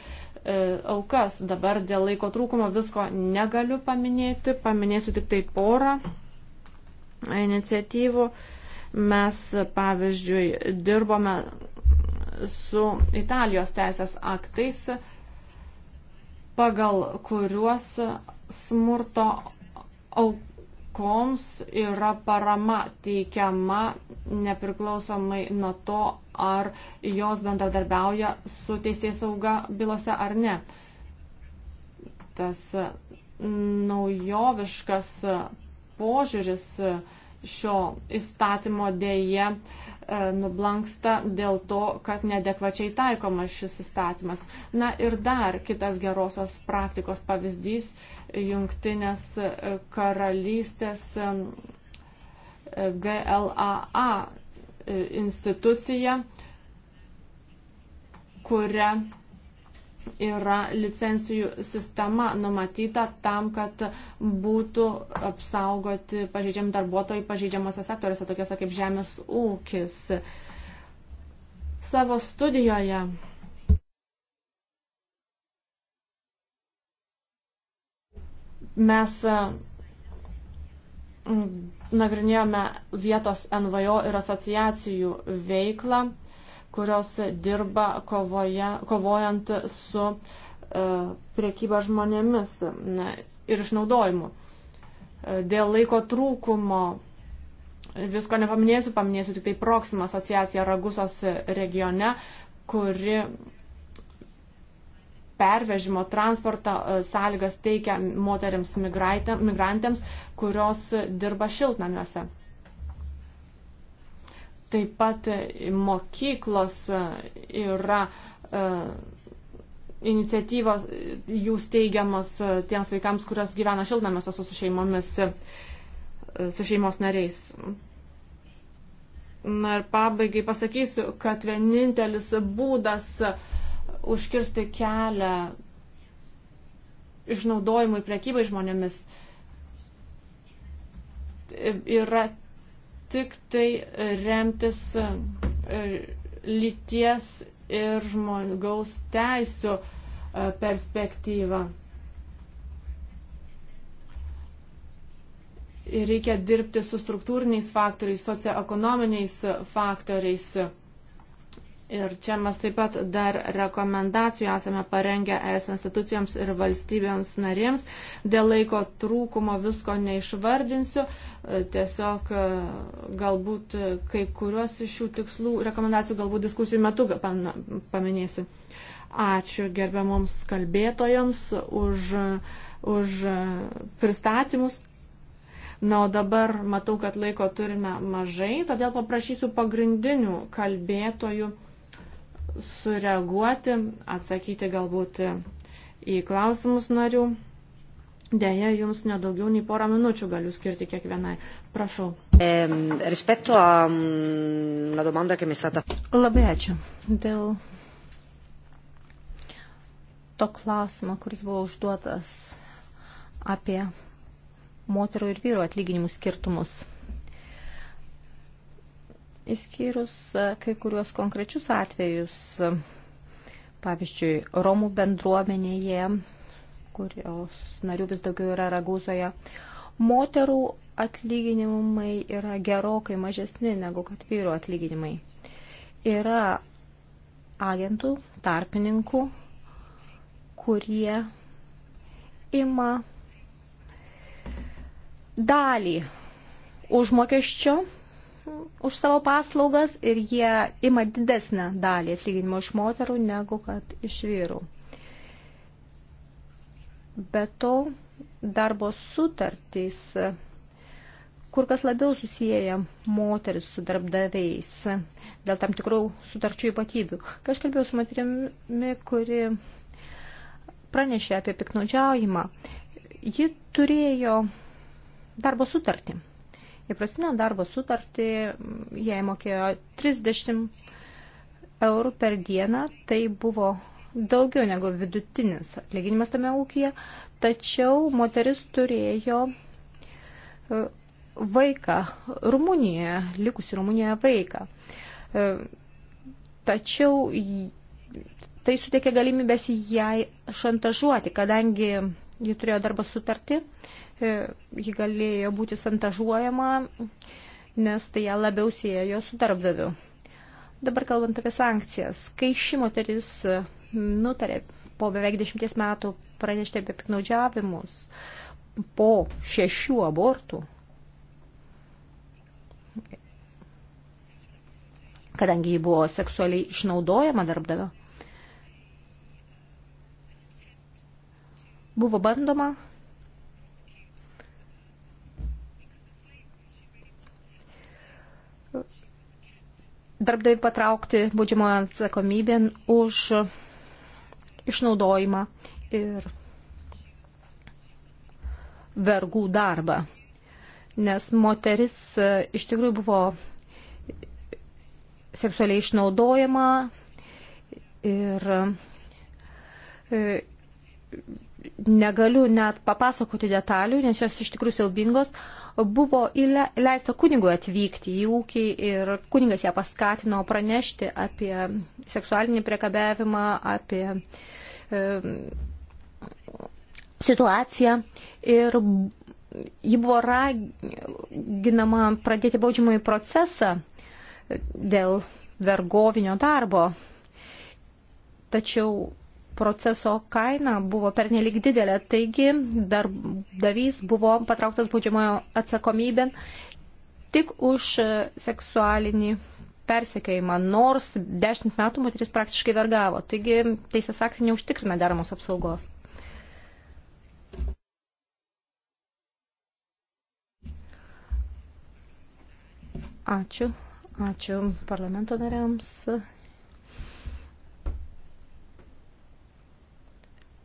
Speaker 2: aukas. Dabar dėl laiko trūkumo visko negaliu paminėti, paminėsiu tik tai porą iniciatyvų. E, Mes, pavyzdžiui, dirbome su Italijos teisės aktais, pagal kuriuos smurto aukoms yra parama teikiama nepriklausomai nuo to, ar jos bendradarbiauja su teisės sauga bylose ar ne. Tas naujoviškas požiūris uh, šio įstatymo dėje e, nublanksta dėl to, kad nedekvačiai taikomas šis įstatymas. Na ir dar kitas gerosios praktikos pavyzdys - jungtinės e, karalystės e, GLAA institucija, kuria yra licencijų sistema numatyta tam, kad būtų apsaugoti pažeidžiami darbuotojai pažeidžiamose sektoriuose, tokiuose kaip žemės ūkis. Savo studijoje mes mm, nagrinėjome vietos NVO ir asociacijų veiklą kurios dirba kovoje, kovojant su e, priekyba žmonėmis ne, ir išnaudojimu. E, dėl laiko trūkumo visko nepaminėsiu, paminėsiu tik tai Proxima asociacija Ragusos regione, kuri pervežimo transporto e, sąlygas teikia moteriams migrantėms, kurios dirba šiltnamiuose. Taip pat mokyklos yra e, iniciatyvos jų steigiamos e, tiems vaikams, kurios gyvena šiltnamėse su šeimomis, e, su šeimos nariais. Na ir pabaigai pasakysiu, kad vienintelis būdas užkirsti kelią išnaudojimui, priekybai žmonėmis yra tik tai remtis e, lyties ir žmogaus teisų e, perspektyvą. Ir reikia dirbti su struktūriniais faktoriais, socioekonominiais faktoriais. Ir čia mes taip pat dar rekomendacijų esame parengę ES institucijoms ir valstybėms narėms. Dėl laiko trūkumo visko neišvardinsiu. E, tiesiog e, galbūt e, kai kuriuos iš šių tikslų rekomendacijų galbūt diskusijų metu paminėsiu. Ačiū gerbiamoms kalbėtojoms už, už pristatymus. Na, o dabar matau, kad laiko turime mažai, todėl paprašysiu pagrindinių kalbėtojų sureaguoti, atsakyti galbūt į klausimus narių. Deja, jums nedaugiau nei porą minučių galiu skirti kiekvienai. Prašau. E, rispetto a una mm, domanda che mi è stata.
Speaker 3: Labai ačiū dėl to klausimo, kuris buvo užduotas apie moterų ir vyrų atlyginimų skirtumus. Įskyrus e, kai kuriuos konkrečius atvejus, e, pavyzdžiui, Romų bendruomenėje, kurios narių vis daugiau yra Ragūzoje, moterų atlyginimai yra gerokai mažesni negu kad vyrų atlyginimai. Yra agentų, tarpininkų, kurie ima dalį užmokesčio už savo paslaugas ir jie ima didesnę dalį atlyginimo iš moterų negu kad iš vyrų. Be to, darbo sutartys kur kas labiau susiję moteris su darbdaviais dėl tam tikrų sutarčių ypatybių. Kai aš kalbėjau su moterimi, kuri pranešė apie piknaudžiaujimą, ji turėjo darbo sutartį įprastinę darbo sutartį, jai mokėjo 30 eurų per dieną, tai buvo daugiau negu vidutinis atlyginimas tame ūkija, tačiau moteris turėjo e, vaiką Rumunijoje, likusi Rumunijoje vaiką. E, tačiau tai suteikė galimybės jai šantažuoti, kadangi ji turėjo darbo sutartį E, ji galėjo būti santažuojama, nes tai ją labiau siejo su darbdaviu. Dabar kalbant apie sankcijas, kai ši moteris nutarė po beveik dešimties metų pranešti apie piknaudžiavimus po šešių abortų, kadangi ji buvo seksualiai išnaudojama darbdavio, buvo bandoma darbdavį patraukti būdžiamojo atsakomybėn už išnaudojimą ir vergų darbą. Nes moteris e, iš tikrųjų buvo seksualiai išnaudojama ir e, negaliu net papasakoti detalių, nes jos iš tikrųjų siaubingos, buvo leista kunigui atvykti į ūkį ir kunigas ją paskatino pranešti apie seksualinį priekabiavimą, apie e, situaciją. Ir ji buvo raginama pradėti baudžiamąjį procesą dėl vergovinio darbo. Tačiau proceso kaina buvo pernelik didelė, taigi darbdavys buvo patrauktas baudžiamojo atsakomybėn tik už seksualinį persekiojimą, nors dešimt metų moteris praktiškai vergavo, taigi teisės aktai neužtikrina deramos apsaugos. Ačiū. Ačiū parlamento nariams.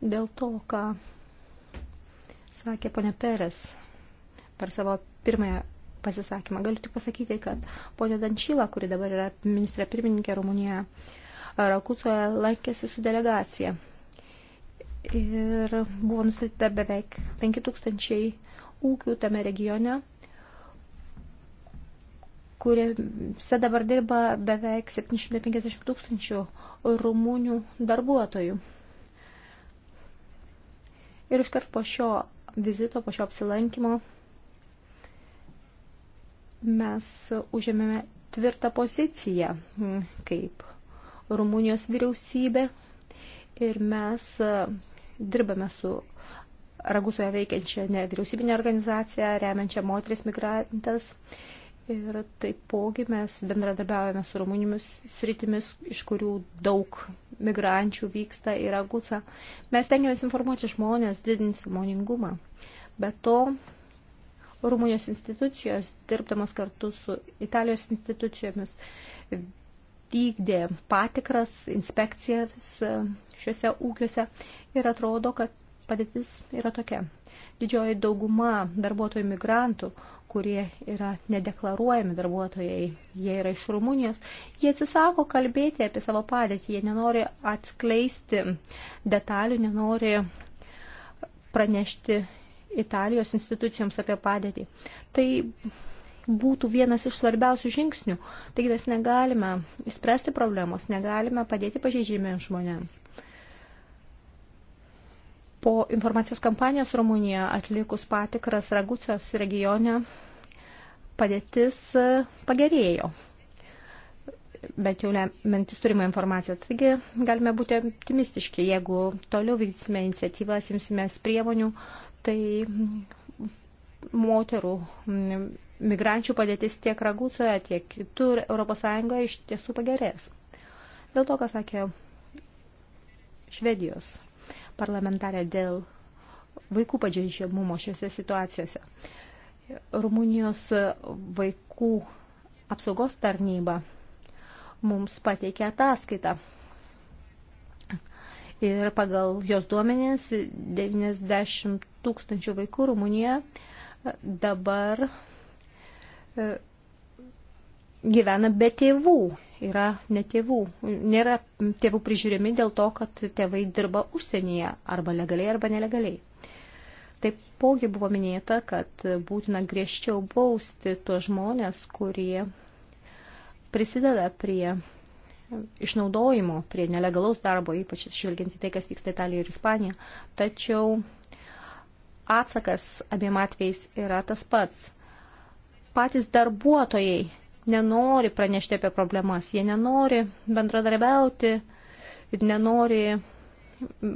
Speaker 3: dėl to, ką sakė ponia Peres per savo pirmąją pasisakymą. Galiu tik pasakyti, kad ponia Dančyla, kuri dabar yra ministrė pirmininkė Rumunijoje, Rakucoje lankėsi su delegacija. Ir buvo nustatyta beveik 5000 ūkių tame regione, kuriuose dabar dirba beveik 750 tūkstančių rumunių darbuotojų. Ir iškart po šio vizito, po šio apsilankimo mes užėmėme tvirtą poziciją hmm, kaip Rumunijos vyriausybė ir mes hmm, dirbame su Ragusoje veikiančią nevyriausybinę organizaciją, remiančią moteris migrantas. Ir taipogi mes bendradarbiavame su Rumunijomis sritimis, iš kurių daug migrančių vyksta į Ragusą. Mes tengiamės informuoti žmonės, didinti samoningumą. Be to, Rumunijos institucijos, dirbdamos kartu su Italijos institucijomis, vykdė patikras, inspekcijas e, šiuose ūkiuose ir atrodo, kad padėtis yra tokia. Didžioji dauguma darbuotojų migrantų uh, kurie yra nedeklaruojami darbuotojai, jie yra iš Rumunijos, jie atsisako kalbėti apie savo padėtį, jie nenori atskleisti detalių, nenori pranešti Italijos institucijoms apie padėtį. Tai būtų vienas iš svarbiausių žingsnių. Taigi mes negalime išspręsti problemos, negalime padėti pažeidžiamiems žmonėms. Po informacijos kampanijos Rumunija atlikus patikras Ragucijos regione padėtis e, pagerėjo, bet jau mentis turimą informaciją. Taigi galime būti optimistiški, jeigu toliau vykdysime iniciatyvas, imsimės priemonių, tai moterų migrančių padėtis tiek Ragucoje, tiek kitur ES iš tiesų pagerės. Dėl to, ką sakė Švedijos parlamentarę dėl vaikų pažeidžiamumo šiuose situacijose. Rumunijos vaikų apsaugos tarnyba mums pateikė ataskaitą. Ir pagal jos duomenys 90 tūkstančių vaikų Rumunijoje dabar e, gyvena be tėvų yra ne tėvų, nėra tėvų prižiūrimi dėl to, kad tėvai dirba užsienyje arba legaliai arba nelegaliai. Taipogi buvo minėta, kad būtina griežčiau bausti tuos žmonės, kurie prisideda prie išnaudojimo, prie nelegalaus darbo, ypač žvelgiant į tai, kas vyksta Italijoje ir Ispanijoje. Tačiau atsakas abiem atvejais yra tas pats. Patys darbuotojai nenori pranešti apie problemas, jie nenori bendradarbiauti, nenori mm,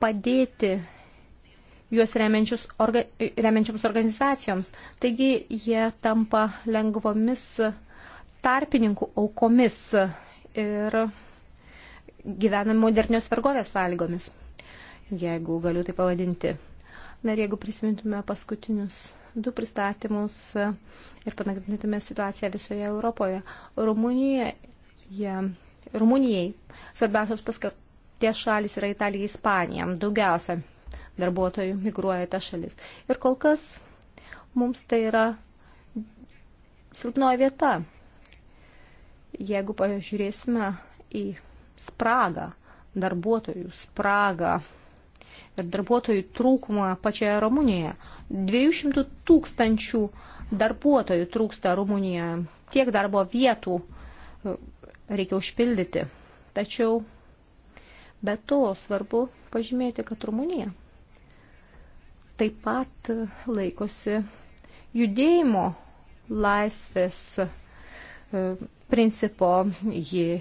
Speaker 3: padėti juos remiančius orga, remiančiams organizacijoms. Taigi jie tampa lengvomis tarpininkų aukomis ir gyvena modernios vergovės sąlygomis, jeigu galiu tai pavadinti. Na ir jeigu prisimintume paskutinius du pristatymus ir panagrinėtume situaciją visoje Europoje. Rumunijoje, ja, Rumunijai svarbiausios paskatės šalis yra Italija, Ispanija. Daugiausia darbuotojų migruoja į tą šalis. Ir kol kas mums tai yra silpnoji vieta. Jeigu pažiūrėsime į spragą, darbuotojų spragą ir darbuotojų trūkumą pačioje Rumunijoje. 200 tūkstančių darbuotojų trūksta Rumunijoje. Tiek darbo vietų e, reikia užpildyti. Tačiau be to svarbu pažymėti, kad Rumunija taip pat laikosi judėjimo laisvės e, principo. Ji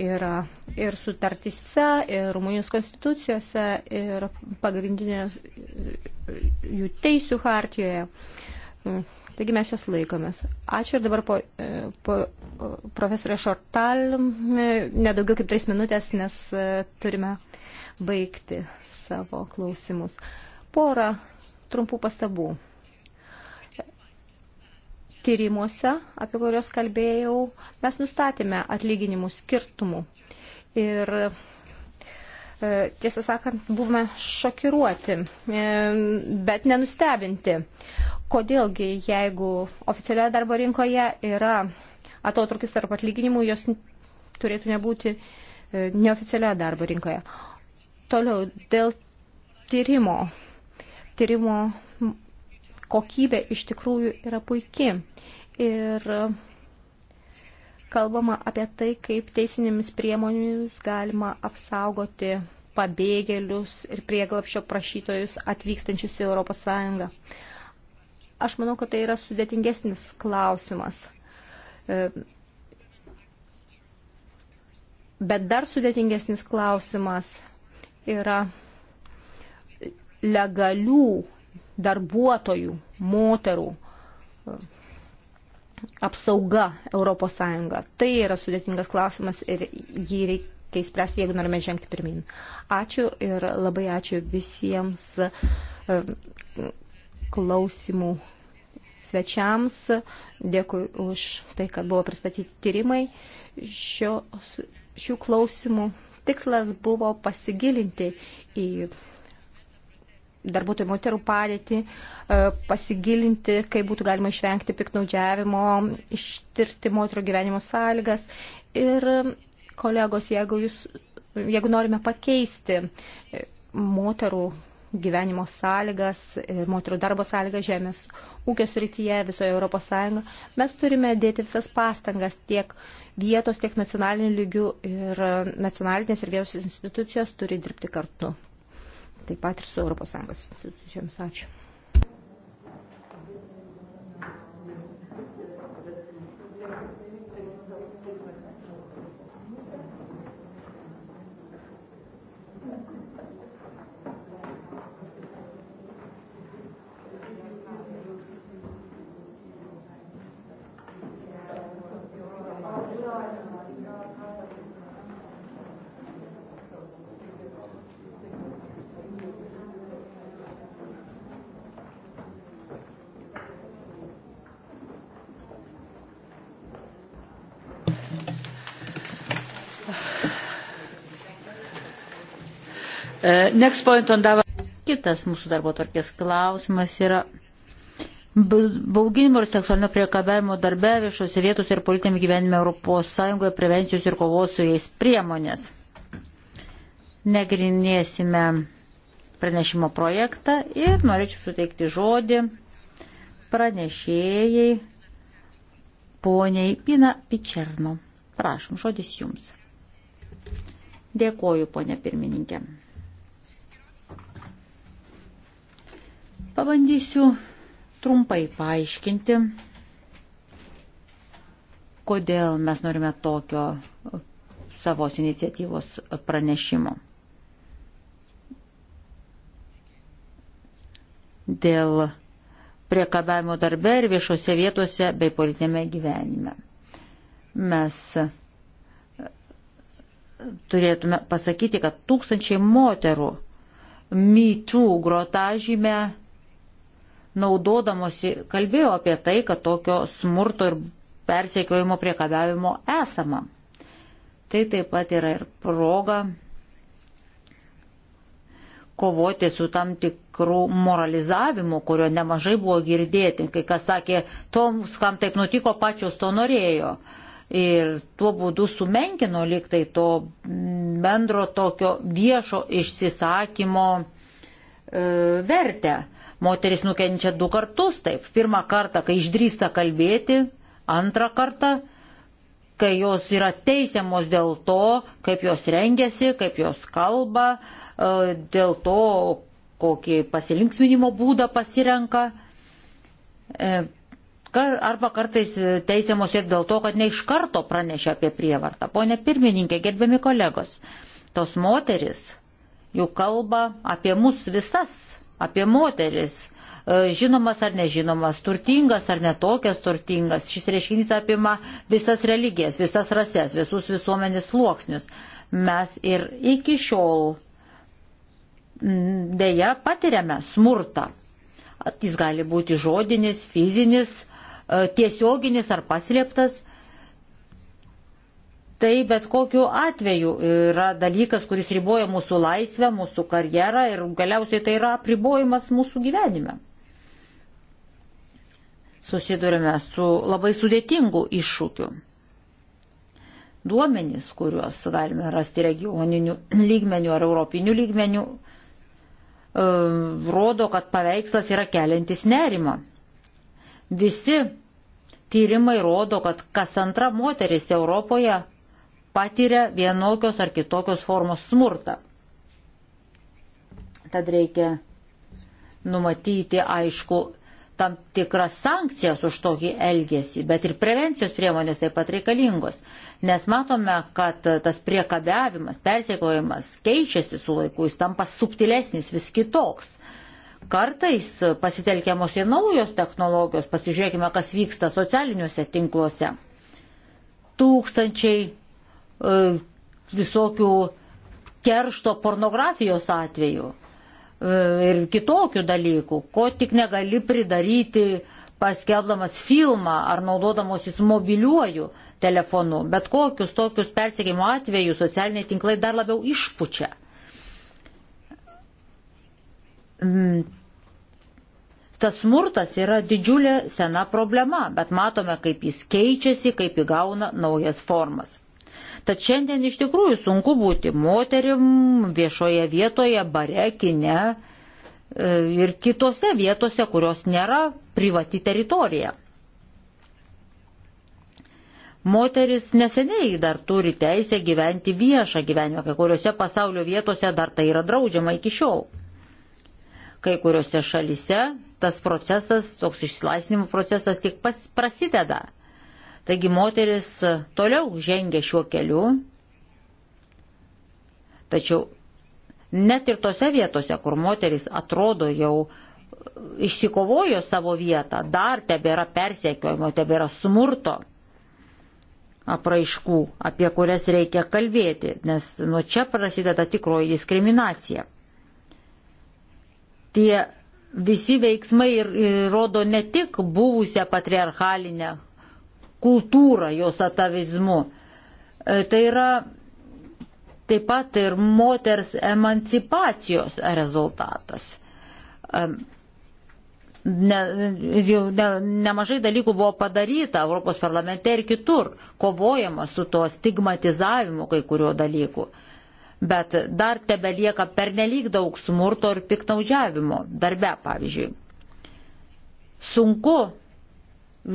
Speaker 3: yra ir sutartyse, ir Rumunijos konstitucijose, ir pagrindinės jų teisių hartijoje. Mm. Taigi mes jos laikomės. Ačiū ir dabar po, e, po profesorė Šortal, e, nedaugiau kaip tris minutės, nes e, turime baigti savo klausimus. Porą trumpų pastabų tyrimuose, apie kuriuos kalbėjau, mes nustatėme atlyginimų skirtumų. Ir e, tiesą sakant, buvome šokiruoti, e, bet nenustebinti. Kodėlgi, jeigu oficialioje darbo rinkoje yra atotrukis tarp atlyginimų, jos turėtų nebūti e, neoficialioje darbo rinkoje. Toliau, dėl tyrimo. Tyrimo kokybė iš tikrųjų yra puikiai. Ir kalbama apie tai, kaip teisinėmis priemonėmis galima apsaugoti pabėgėlius ir prieglapšio prašytojus atvykstančius į ES. Aš manau, kad tai yra sudėtingesnis klausimas. E, bet dar sudėtingesnis klausimas yra legalių darbuotojų, moterų apsauga ES. Tai yra sudėtingas klausimas ir jį reikia įspręsti, jeigu norime žengti pirmin. Ačiū ir labai ačiū visiems e, klausimų svečiams. Dėkui už tai, kad buvo pristatyti tyrimai. Šio, šių klausimų tikslas buvo pasigilinti į darbuotojų moterų padėtį, e, pasigilinti, kaip būtų galima išvengti piknaudžiavimo, ištirti moterų gyvenimo sąlygas. Ir kolegos, jeigu, jūs, jeigu norime pakeisti e, moterų gyvenimo sąlygas ir moterų darbo sąlygas žemės ūkio srityje visoje Europos Sąjungoje, mes turime dėti visas pastangas tiek vietos, tiek nacionalinių lygių ir nacionalinės ir vietos institucijos turi dirbti kartu taip pat ir su ES institucijomis. Ačiū.
Speaker 1: E, Kitas mūsų darbo tvarkės klausimas yra bauginimo ir seksualinio priekabiavimo darbe viešose vietose ir politinėme gyvenime ES prevencijos ir kovos su jais priemonės. Negrinėsime pranešimo projektą ir norėčiau suteikti žodį pranešėjai poniai Pina Pičerno. Prašom, žodis jums. Dėkoju, ponė pirmininkė. Pabandysiu trumpai paaiškinti, kodėl mes norime tokio savos iniciatyvos pranešimo. Dėl priekabavimo darbe ir viešose vietose bei politinėme gyvenime. Mes turėtume pasakyti, kad tūkstančiai moterų mytų grotažymę naudodamosi kalbėjo apie tai, kad tokio smurto ir persiekiojimo priekabiavimo esama. Tai taip pat yra ir proga kovoti su tam tikrų moralizavimu, kurio nemažai buvo girdėti. Kai kas sakė, toms, kam taip nutiko, pačios to norėjo. Ir tuo būdu sumenkino liktai to bendro tokio viešo išsisakymo e, vertę Moteris nukenčia du kartus taip. Pirmą kartą, kai išdrįsta kalbėti, antrą kartą, kai jos yra teisiamos dėl to, kaip jos rengiasi, kaip jos kalba, e, dėl to, kokį pasilinksminimo būdą pasirenka. E, arba kartais teisiamos ir dėl to, kad ne iš karto pranešė apie prievartą. Pone pirmininkė, gerbiami kolegos, tos moteris juk kalba apie mus visas apie moteris e, žinomas ar nežinomas, turtingas ar netokias turtingas. Šis reiškinys apima visas religijas, visas rases, visus visuomenės sluoksnius. Mes ir iki šiol dėja patiriame smurtą. Jis gali būti žodinis, fizinis, e, tiesioginis ar paslėptas tai bet kokiu atveju yra dalykas, kuris riboja mūsų laisvę, mūsų karjerą ir galiausiai tai yra apribojimas mūsų gyvenime. Susidurime su labai sudėtingu iššūkiu. Duomenys, kuriuos galime rasti regioninių (clears throat) lygmenių ar europinių lygmenių, e, rodo, kad paveikslas yra keliantis nerimą. Visi tyrimai rodo, kad kas antra moteris Europoje patiria vienokios ar kitokios formos smurtą. Tad reikia numatyti, aišku, tam tikras sankcijas už tokį elgesį, bet ir prevencijos priemonės taip pat reikalingos, nes matome, kad tas priekabiavimas, persiekojimas keičiasi su laiku, jis tampa subtilesnis, vis kitoks. Kartais pasitelkiamos ir naujos technologijos, pasižiūrėkime, kas vyksta socialiniuose tinkluose. Tūkstančiai E, visokių keršto pornografijos atvejų e, ir kitokių dalykų, ko tik negali pridaryti paskelbdamas filmą ar naudodamosis mobiliuoju telefonu. Bet kokius tokius persiekimo atvejus socialiniai tinklai dar labiau išpučia. Mm. Tas smurtas yra didžiulė sena problema, bet matome, kaip jis keičiasi, kaip įgauna naujas formas. Tad šiandien iš tikrųjų sunku būti moterim viešoje vietoje, bare, kine e, ir kitose vietose, kurios nėra privati teritorija. Moteris neseniai dar turi teisę gyventi viešą gyvenimą, kai kuriuose pasaulio vietose dar tai yra draudžiama iki šiol. Kai kuriuose šalise tas procesas, toks išsilaisvinimo procesas tik pas, prasideda. Taigi moteris toliau žengia šiuo keliu, tačiau net ir tose vietose, kur moteris atrodo jau išsikovojo savo vietą, dar tebėra persiekiojimo, tebėra smurto apraiškų, apie kurias reikia kalbėti, nes nuo čia prasideda tikroji diskriminacija. Tie visi veiksmai ir, ir rodo ne tik buvusią patriarchalinę kultūrą, jos atavizmu. E, tai yra taip pat ir moters emancipacijos rezultatas. E, ne, jau ne, nemažai dalykų buvo padaryta Europos parlamente ir kitur, kovojama su tuo stigmatizavimu kai kurio dalykų. Bet dar tebe lieka pernelyg daug smurto ir piknaudžiavimo darbe, pavyzdžiui. Sunku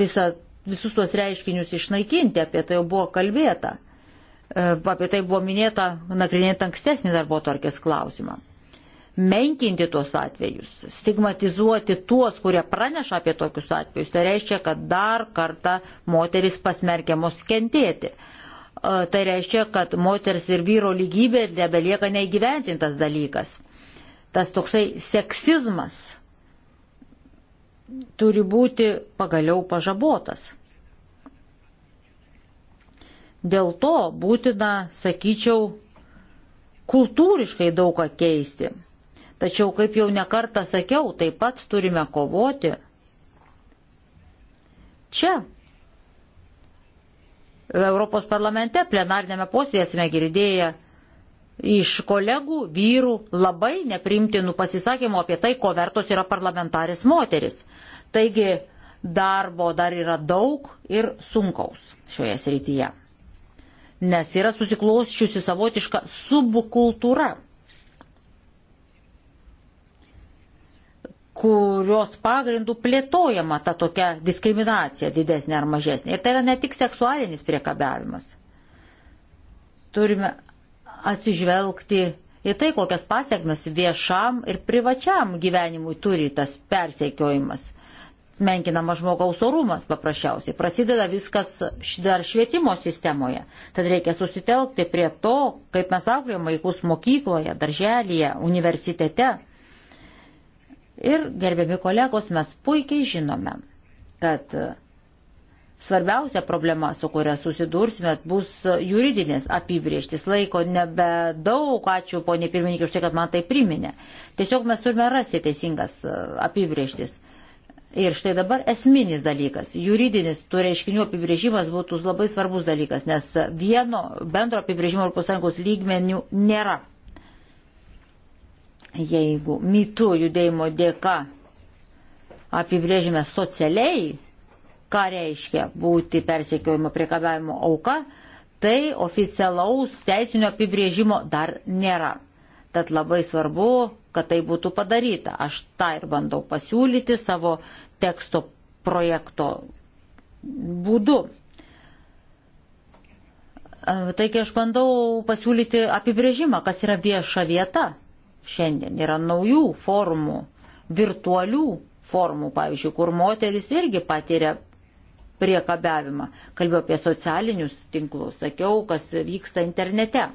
Speaker 1: visą visus tuos reiškinius išnaikinti, apie tai jau buvo kalbėta. E, apie tai buvo minėta, nagrinėjant ankstesnį darbo tvarkės klausimą. Menkinti tuos atvejus, stigmatizuoti tuos, kurie praneša apie tokius atvejus, tai reiškia, kad dar kartą moteris pasmerkiamos kentėti. E, tai reiškia, kad moters ir vyro lygybė nebelieka neįgyventintas dalykas. Tas toksai seksizmas turi būti pagaliau pažabotas. Dėl to būtina, sakyčiau, kultūriškai daug ką keisti. Tačiau, kaip jau nekartą sakiau, taip pat turime kovoti. Čia, Europos parlamente, plenarnėme posėdėsime girdėję iš kolegų vyrų labai neprimtinų pasisakymų apie tai, ko vertos yra parlamentarės moteris. Taigi darbo dar yra daug ir sunkaus šioje srityje. Nes yra susiklosčiusi savotiška subkultūra, kurios pagrindų plėtojama ta tokia diskriminacija didesnė ar mažesnė. Ir tai yra ne tik seksualinis priekabiavimas. Turime atsižvelgti į tai, kokias pasiekmes viešam ir privačiam gyvenimui turi tas persiekiojimas. Menkinama žmogaus orumas paprasčiausiai. Prasideda viskas dar švietimo sistemoje. Tad reikia susitelkti prie to, kaip mes auklėjame vaikus mokykloje, darželėje, universitete. Ir gerbiami kolegos, mes puikiai žinome, kad svarbiausia problema, su kuria susidursime, bus juridinės apibrieštis. Laiko nebedaug, ačiū ponė pirmininkė už tai, kad man tai priminė. Tiesiog mes turime rasti teisingas e, apibrieštis. Ir štai dabar esminis dalykas, juridinis tų reiškinių apibrėžimas būtų labai svarbus dalykas, nes vieno bendro apibrėžimo ES lygmenių nėra. Jeigu mitų judėjimo dėka apibrėžime socialiai ką reiškia būti persekiojimo priekabiavimo auka, tai oficialaus teisinio apibrėžimo dar nėra. Tad labai svarbu, kad tai būtų padaryta. Aš tą ir bandau pasiūlyti savo teksto projekto būdu. E, taigi aš bandau pasiūlyti apibrėžimą, kas yra vieša vieta. Šiandien yra naujų formų, virtualių formų, pavyzdžiui, kur moteris irgi patiria priekabiavimą. Kalbėjau apie socialinius tinklus, sakiau, kas vyksta internete.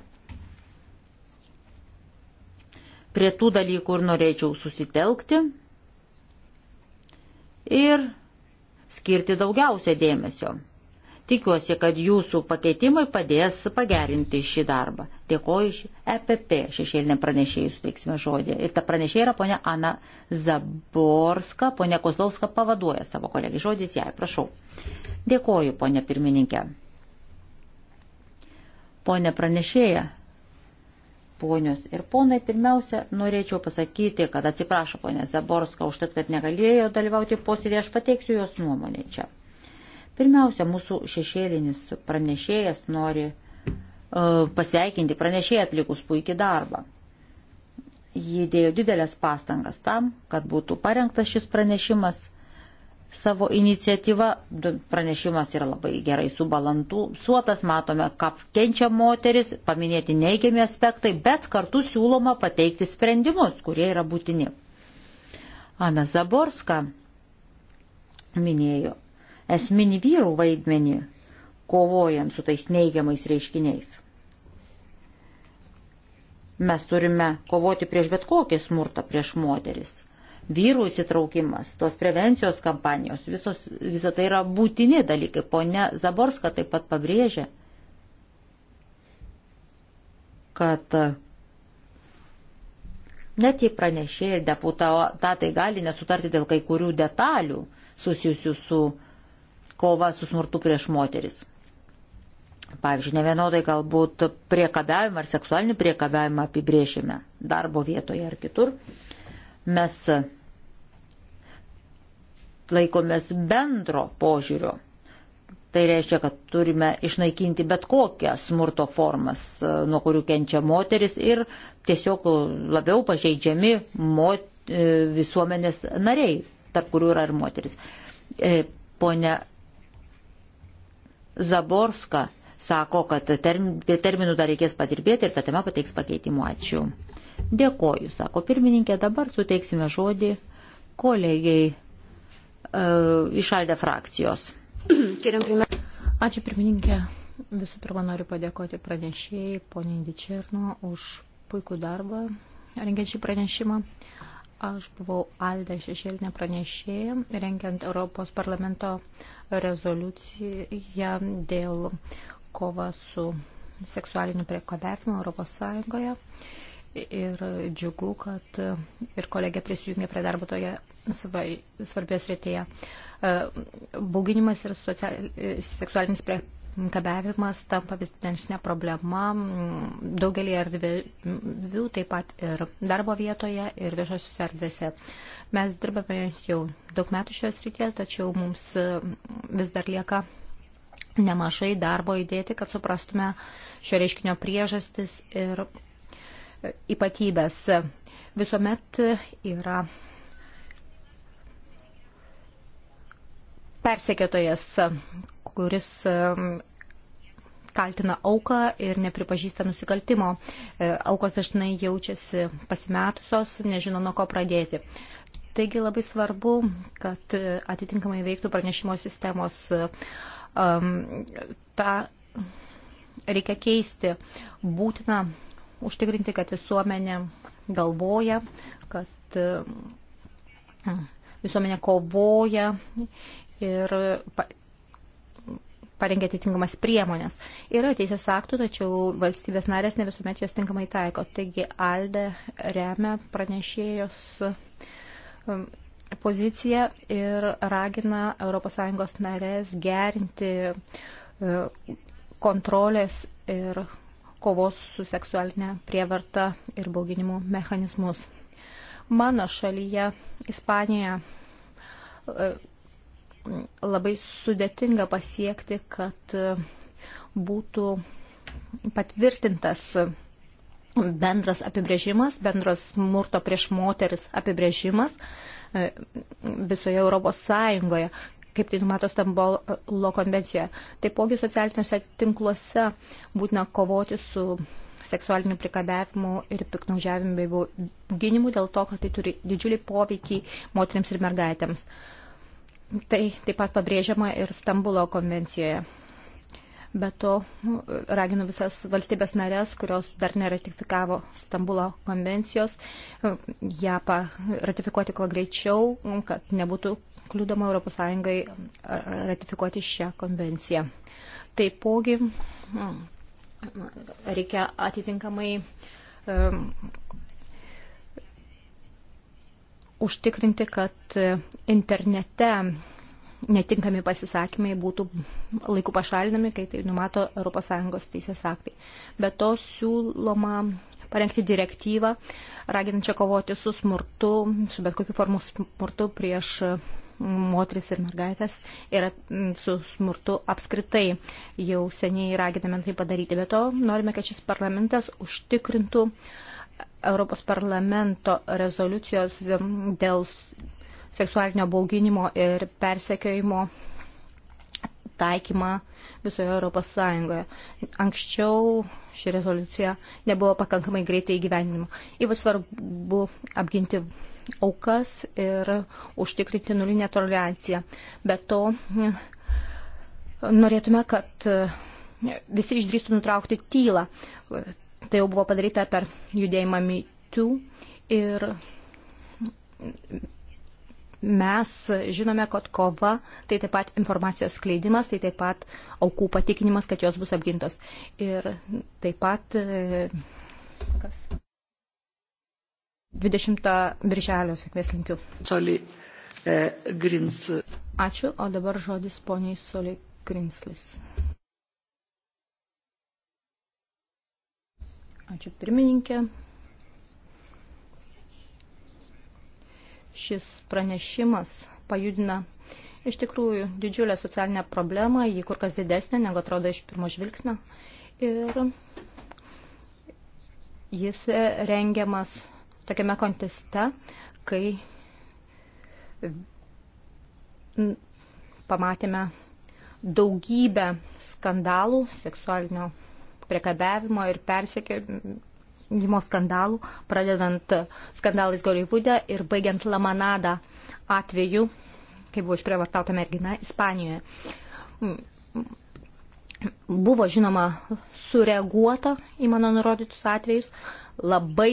Speaker 1: Prie tų dalykų ir norėčiau susitelkti ir skirti daugiausia dėmesio. Tikiuosi, kad jūsų pakeitimai padės pagerinti šį darbą. Dėkoju iš EPP šešėlinė pranešėjai suteiksime žodį. Ir ta pranešėja yra ponia Ana Zaborska, ponia Kozlovska pavaduoja savo kolegį. Žodis jai, prašau. Dėkoju, ponia pirmininkė. Pone pranešėja, ponios ir ponai, pirmiausia, norėčiau pasakyti, kad atsiprašo ponė Zaborska už tai, kad negalėjo dalyvauti posėdėje, aš pateiksiu jos nuomonę čia. Pirmiausia, mūsų šešėlinis pranešėjas nori e, pasveikinti pranešėją atlikus puikį darbą. Ji dėjo didelės pastangas tam, kad būtų parengtas šis pranešimas savo iniciatyva. Pranešimas yra labai gerai subalansuotas, matome, ką kenčia moteris, paminėti neigiami aspektai, bet kartu siūloma pateikti sprendimus, kurie yra būtini. Ana Zaborska minėjo esminį vyrų vaidmenį, kovojant su tais neigiamais reiškiniais. Mes turime kovoti prieš bet kokį smurtą prieš moteris. Vyrų įsitraukimas, tos prevencijos kampanijos, visos, viso tai yra būtini dalykai. Pone Zaborska taip pat pabrėžė, kad net jei pranešėjai ir deputatai gali nesutarti dėl kai kurių detalių susijusių su kova su smurtu prieš moteris. Pavyzdžiui, nevienodai galbūt priekabiavimą ar seksualinį priekabiavimą apibrėšime darbo vietoje ar kitur. Mes laikomės bendro požiūrio. Tai reiškia, kad turime išnaikinti bet kokią smurto formas, nuo kurių kenčia moteris ir tiesiog labiau pažeidžiami mot, e, visuomenės nariai, tarp kurių yra ir moteris. E, pone Zaborska sako, kad term, terminų dar reikės padirbėti ir ta tema pateiks pakeitimų. Ačiū. Dėkoju, sako pirmininkė. Dabar suteiksime žodį kolegiai e, išaldę frakcijos.
Speaker 3: Ačiū pirmininkė. Visų pirma, noriu padėkoti pranešėjai, poniai Dičerno, už puikų darbą rengiant šį pranešimą. Aš buvau Alda šešėlinė pranešėja, rengiant Europos parlamento uh, rezoliuciją dėl kova su seksualiniu priekabiavimu Europos Sąjungoje. Ir džiugu, kad ir kolegė prisijungė prie darbo toje svarbės rytėje. E, bauginimas ir social... seksualinis Kabevimas tampa vis didesnė problema daugelį erdvių, taip pat ir darbo vietoje, ir viešosiuose erdvėse. Mes dirbame jau daug metų šioje srityje, tačiau mums e, vis dar lieka nemažai darbo įdėti, kad suprastume šio reiškinio priežastis ir e, ypatybės. Visuomet yra persekiotojas, kuris kaltina auką ir nepripažįsta nusikaltimo. E, aukos dažnai jaučiasi pasimetusios, nežino nuo ko pradėti. Taigi labai svarbu, kad atitinkamai veiktų pranešimo sistemos. E, Ta reikia keisti. Būtina užtikrinti, kad visuomenė galvoja, kad visuomenė kovoja ir parengė atitinkamas priemonės. Yra teisės aktų, tačiau valstybės narės ne visuomet jos tinkamai taiko. Taigi Alde remia pranešėjos um, poziciją ir ragina ES narės gerinti uh, kontrolės ir kovos su seksualinė prievarta ir bauginimu mechanizmus. Mano šalyje, Ispanijoje, uh, labai sudėtinga pasiekti, kad būtų patvirtintas bendras apibrėžimas, bendras smurto prieš moteris apibrėžimas e, visoje Europos Sąjungoje, kaip tai numato Stambolo konvencijoje. Taipogi socialiniuose tinkluose būtina kovoti su seksualiniu prikabiavimu ir piknaužiavimu bei bauginimu dėl to, kad tai turi didžiulį poveikį moteriams ir mergaitėms. Uh, Tai taip pat pabrėžiama ir Stambulo konvencijoje. Be to, raginu visas valstybės narės, kurios dar neratifikavo Stambulo konvencijos, ją ratifikuoti kuo greičiau, kad nebūtų kliūdoma ES ratifikuoti šią konvenciją. Taipogi reikia atitinkamai užtikrinti, kad internete netinkami pasisakymai būtų laiku pašalinami, kai tai numato ES teisės aktai. Be to siūloma parengti direktyvą, raginančią kovoti su smurtu, su bet kokiu formu smurtu prieš moteris ir mergaitės ir mm, su smurtu apskritai. Jau seniai raginame tai padaryti. Be to norime, kad šis parlamentas užtikrintų uh, Europos parlamento rezoliucijos dėl seksualinio bauginimo ir persekiojimo taikymą visoje Europos Sąjungoje. Anksčiau ši rezoliucija nebuvo pakankamai greitai įgyvendinama. Ypač svarbu apginti aukas ir užtikrinti nulinę toleranciją. Be to, norėtume, kad visi išdrįstų nutraukti tylą. Tai jau buvo padaryta per judėjimą mitų ir mes žinome, kad kova tai taip pat informacijos skleidimas, tai taip pat aukų patikinimas, kad jos bus apgintos. Ir taip pat. E, kas? 20 birželio sėkmės linkiu. Soli e, Grins. Ačiū, o dabar žodis poniai Soli Grinslis. Ačiū pirmininkė. Šis pranešimas pajudina iš tikrųjų didžiulę socialinę problemą, jį kur kas didesnė, negu atrodo iš pirmo žvilgsnio. Ir jis rengiamas tokiame konteste, kai pamatėme daugybę skandalų seksualinio priekabiavimo ir persiekimo skandalų, pradedant skandalais Gollywoode ir baigiant Lamanada atveju, kai buvo išprievartauta mergina Ispanijoje. Buvo žinoma sureaguota į mano nurodytus atvejus, labai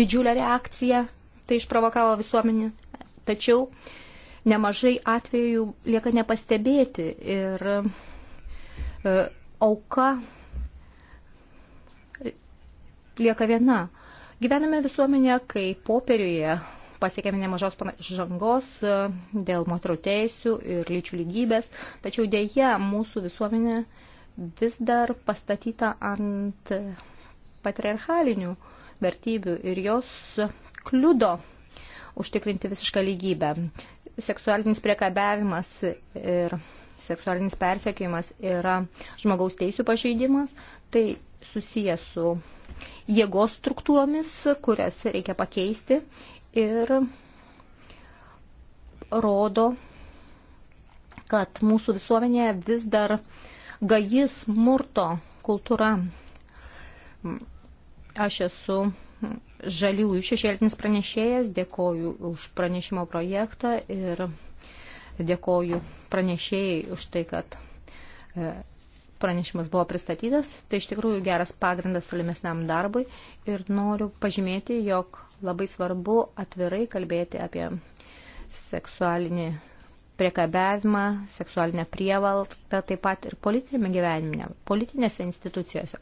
Speaker 3: didžiulė reakcija tai išprovokavo visuomenį, tačiau nemažai atvejų lieka nepastebėti ir e, auka lieka viena. Gyvename visuomenėje, kai popieriuje pasiekėme nemažos pažangos e, dėl moterų teisų ir lyčių lygybės, tačiau dėje mūsų visuomenė vis dar pastatyta ant patriarchalinių vertybių ir jos kliudo užtikrinti visišką lygybę. Seksualinis priekabiavimas ir seksualinis persekiojimas yra žmogaus teisų pažeidimas, tai susijęs su jėgos struktūromis, kurias reikia pakeisti ir rodo, kad mūsų visuomenėje vis dar gaji smurto kultūra. Aš esu žaliųjų šešėlinis pranešėjas, dėkoju už pranešimo projektą ir dėkoju pranešėjai už tai, kad e, pranešimas buvo pristatytas, tai iš tikrųjų geras pagrindas tolimesniam darbui ir noriu pažymėti, jog labai svarbu atvirai kalbėti apie seksualinį priekabiavimą, seksualinę prievaltą taip pat ir politinėme gyvenime, politinėse institucijose.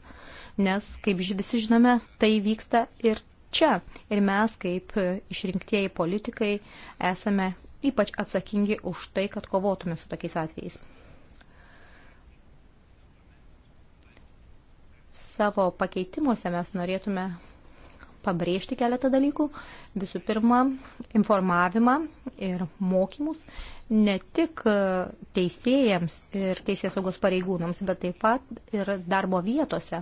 Speaker 3: Nes, kaip visi žinome, tai vyksta ir čia. Ir mes, kaip išrinktieji politikai, esame ypač atsakingi už tai, kad kovotume su tokiais atvejais. Savo pakeitimuose mes norėtume pabrėžti keletą dalykų. Visų pirma, informavimą ir mokymus ne tik teisėjams ir teisės saugos pareigūnams, bet taip pat ir darbo vietose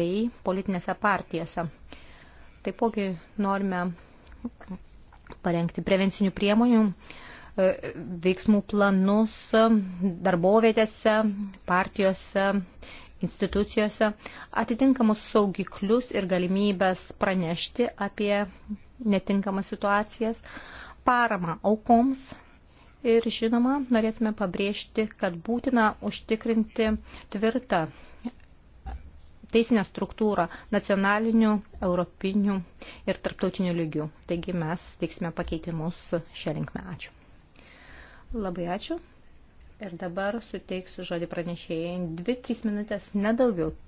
Speaker 3: bei politinėse partijose. Taipogi norime parengti prevencinių priemonių, e, veiksmų planus darbovietėse, partijose institucijose atitinkamus saugiklius ir galimybės pranešti apie netinkamas situacijas, paramą aukoms. Ir žinoma, norėtume pabrėžti, kad būtina užtikrinti tvirtą teisinę struktūrą nacionaliniu, europiniu ir tarptautiniu lygiu. Taigi mes teiksime pakeitimus šią linkmę. Ačiū. Labai ačiū. Ir
Speaker 1: dabar suteiksiu žodį pranešėjai. Dvi, trys minutės, nedaugiau.